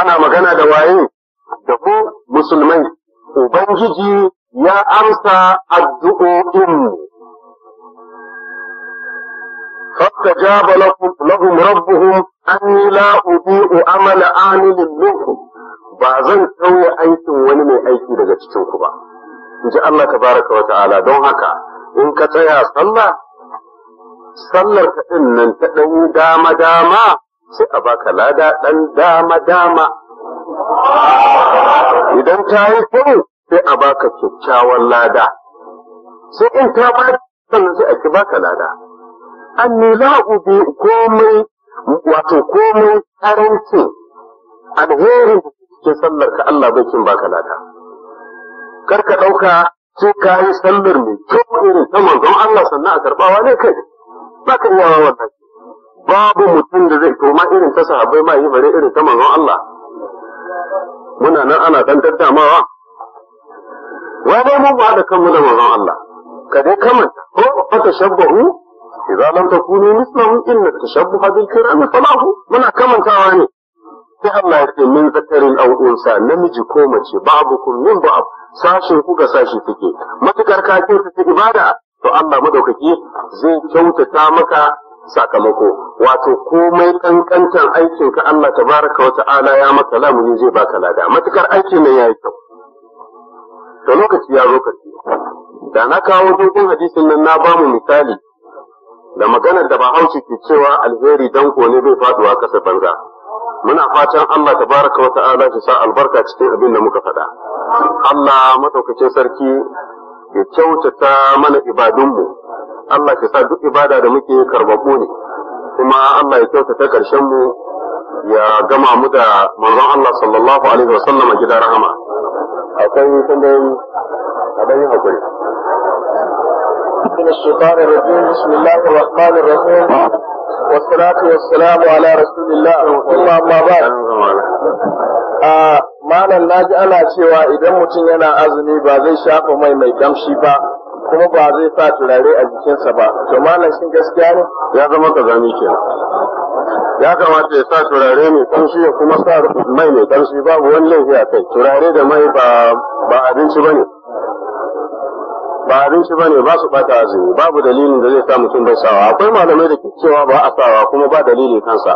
Ana magana da waye, da ku musulmai, Ubangiji ya amsa addu'o'inmu. فاستجاب لهم, لهم ربهم أني لا أضيء عمل عامل منكم بعضن أي أيك ولمي أيك daga cikinku ba inji Allah tabaraka wa ta'ala don haka in ka tsaya sallah sallar ka nan ta ɗan dama dama sai a baka lada ɗan dama dama idan ta yi kyau sai a baka kyakkyawan lada sai in ta ba sannan sai a ki baka lada anniza'u bi komai wato komai karancin alherin da cikin sallar ka Allah bai kin baka lada kar ka ɗauka ce ka yi sallar mai kyau irin ta manzon Allah sannan a karɓawa ne kai ba ka iya wannan babu mutum da zai koma irin ta sahabai ma yi bare irin ta manzon Allah muna nan ana dan tattamawa wa dai mun ba da kanmu da manzon Allah ka dai kamanta ko ka tashabbahu idza lam takunu mislahu inna tashabbuha bil kirami falahu muna kamantawa ne sai Allah ya ce min zakarin aw unsa namiji ko mace ba'dukum min ba sashin ku ga sashi take matukar ka kyautata ibada to Allah madaukaki zai kyautata maka sakamako wato komai kankantan aikin ka Allah tabaraka wa ta'ala ya maka lamuni zai baka lada matukar aikin nan yayi kyau to lokaci ya lokaci da na kawo dogon hadisin nan na bamu misali da maganar da bahaushe ke cewa alheri danko ne bai faduwa kasa banza muna fatan Allah tabaraka wa ta'ala shi sa albarka cikin abin da muka faɗa Allah mataukacin sarki ya kyautata mana ibadunmu Allah ya sa duk ibada da muke karbabu ne kuma Allah ya kyautata karshen mu ya gama mu da manzon Allah sallallahu alaihi wasallam gida, rahama akwai tambayoyi a bayan hakuri من الشيطان الرجيم بسم الله الرحمن الرحيم والصلاة والسلام على رسول الله ثم أما بعد malam na ji ana cewa idan mutum yana azumi ba zai shafa mai mai gamshi ba kuma ba zai sa turare a jikinsa ba to malam shin gaskiya ne ya zama kazami kenan ya kamata ya sa turare mai kamshi ya kuma sa mai mai kamshi babu wani laifi a kai turare da mai ba abinci ba ne ba abin shi bane ba su bata azumi babu dalilin da zai sa mutum bai sawa akwai malamai da ke cewa ba a sawa kuma ba dalilin kansa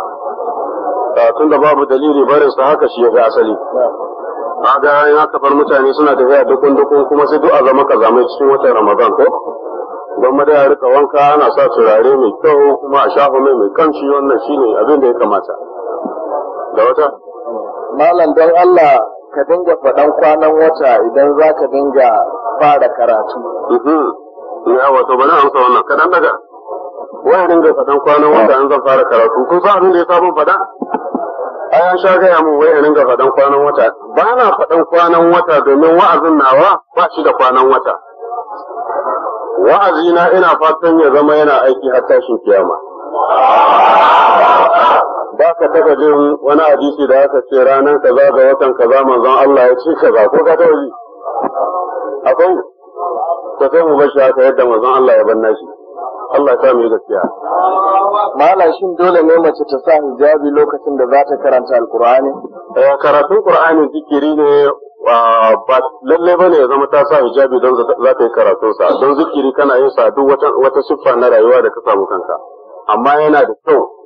da babu dalili barin su haka shi ya fi asali a ga in aka bar mutane suna tafiya dukun dukun kuma sai duk a zama kazamai cikin watan ramadan ko don ma da rika wanka ana sa turare mai kyau kuma a shafa mai mai kanshi wannan shine abin da ya kamata da wata malam don Allah ka dinga faɗan kwanan wata idan za ka dinga fara karatu. Mhm. Ya wato bana amsa wannan kaɗan daga. Wai dinga faɗan kwanan wata an zan fara karatu kun sa abin da ya samu faɗa? Ai an sha gaya mun wai dinga faɗan kwanan wata. Ba na faɗan kwanan wata domin wa'azin nawa ba shi da kwanan wata. Wa'azina ina fatan ya zama yana aiki har tashin kiyama. ba ka taɓa jin wani hadisi da aka ce ranar kaza ga watan kaza manzon Allah ya ce kaza ko ka taɓa ji akwai ta sai mu bashi haka yadda manzon Allah ya banna shi Allah ya mu gaskiya malam shin dole ne mace ta sa hijabi lokacin da za ta karanta alqur'ani eh karatun qur'ani zikiri ne ba lalle bane ya zama ta sa hijabi don za ta yi karatunsa don zikiri kana yin sa duk wata siffa na rayuwa da ka samu kanka amma yana da kyau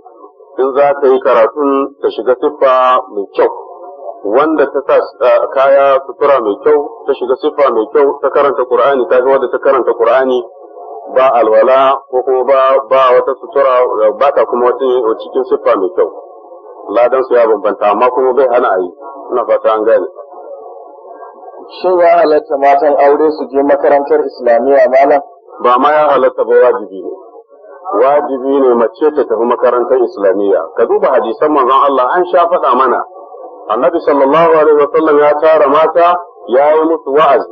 in za ta yi karatun ta shiga siffa mai kyau wanda ta sa kaya sutura mai kyau ta shiga siffa mai kyau ta karanta qur'ani ta ga wanda ta karanta qur'ani ba alwala ko kuma ba ba wata sutura ba ta kuma wata cikin siffa mai kyau ladan su ya bambanta amma kuma bai hana a yi ina fata an gane shin ya halatta matan aure su je makarantar islamiyya malam ba ma ya halatta ba wajibi ne wajibi ne mace ta tafi makarantar islamiyya ka duba hadisan manzon Allah an sha faɗa mana annabi sallallahu alaihi sallam ya tara mata ya yi musu wa'azi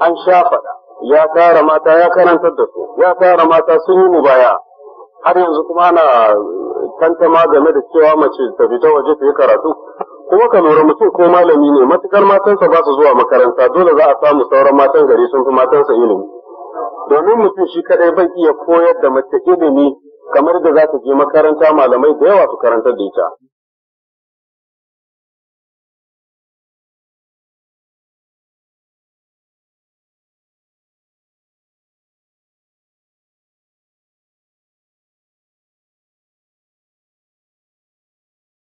an sha faɗa ya tara mata ya karantar da su ya tara mata sun yi mubaya har yanzu kuma ana tantama game da cewa mace ta fita waje ta yi karatu kuma ka lura mutum ko malami ne matukar matansa ba su zuwa makaranta dole za a samu sauran matan gari sun fi matansa ilimi domin mutum shi kadai bai iya koyar da mace ilimi kamar da za ta je makaranta malamai da yawa su karantar da ita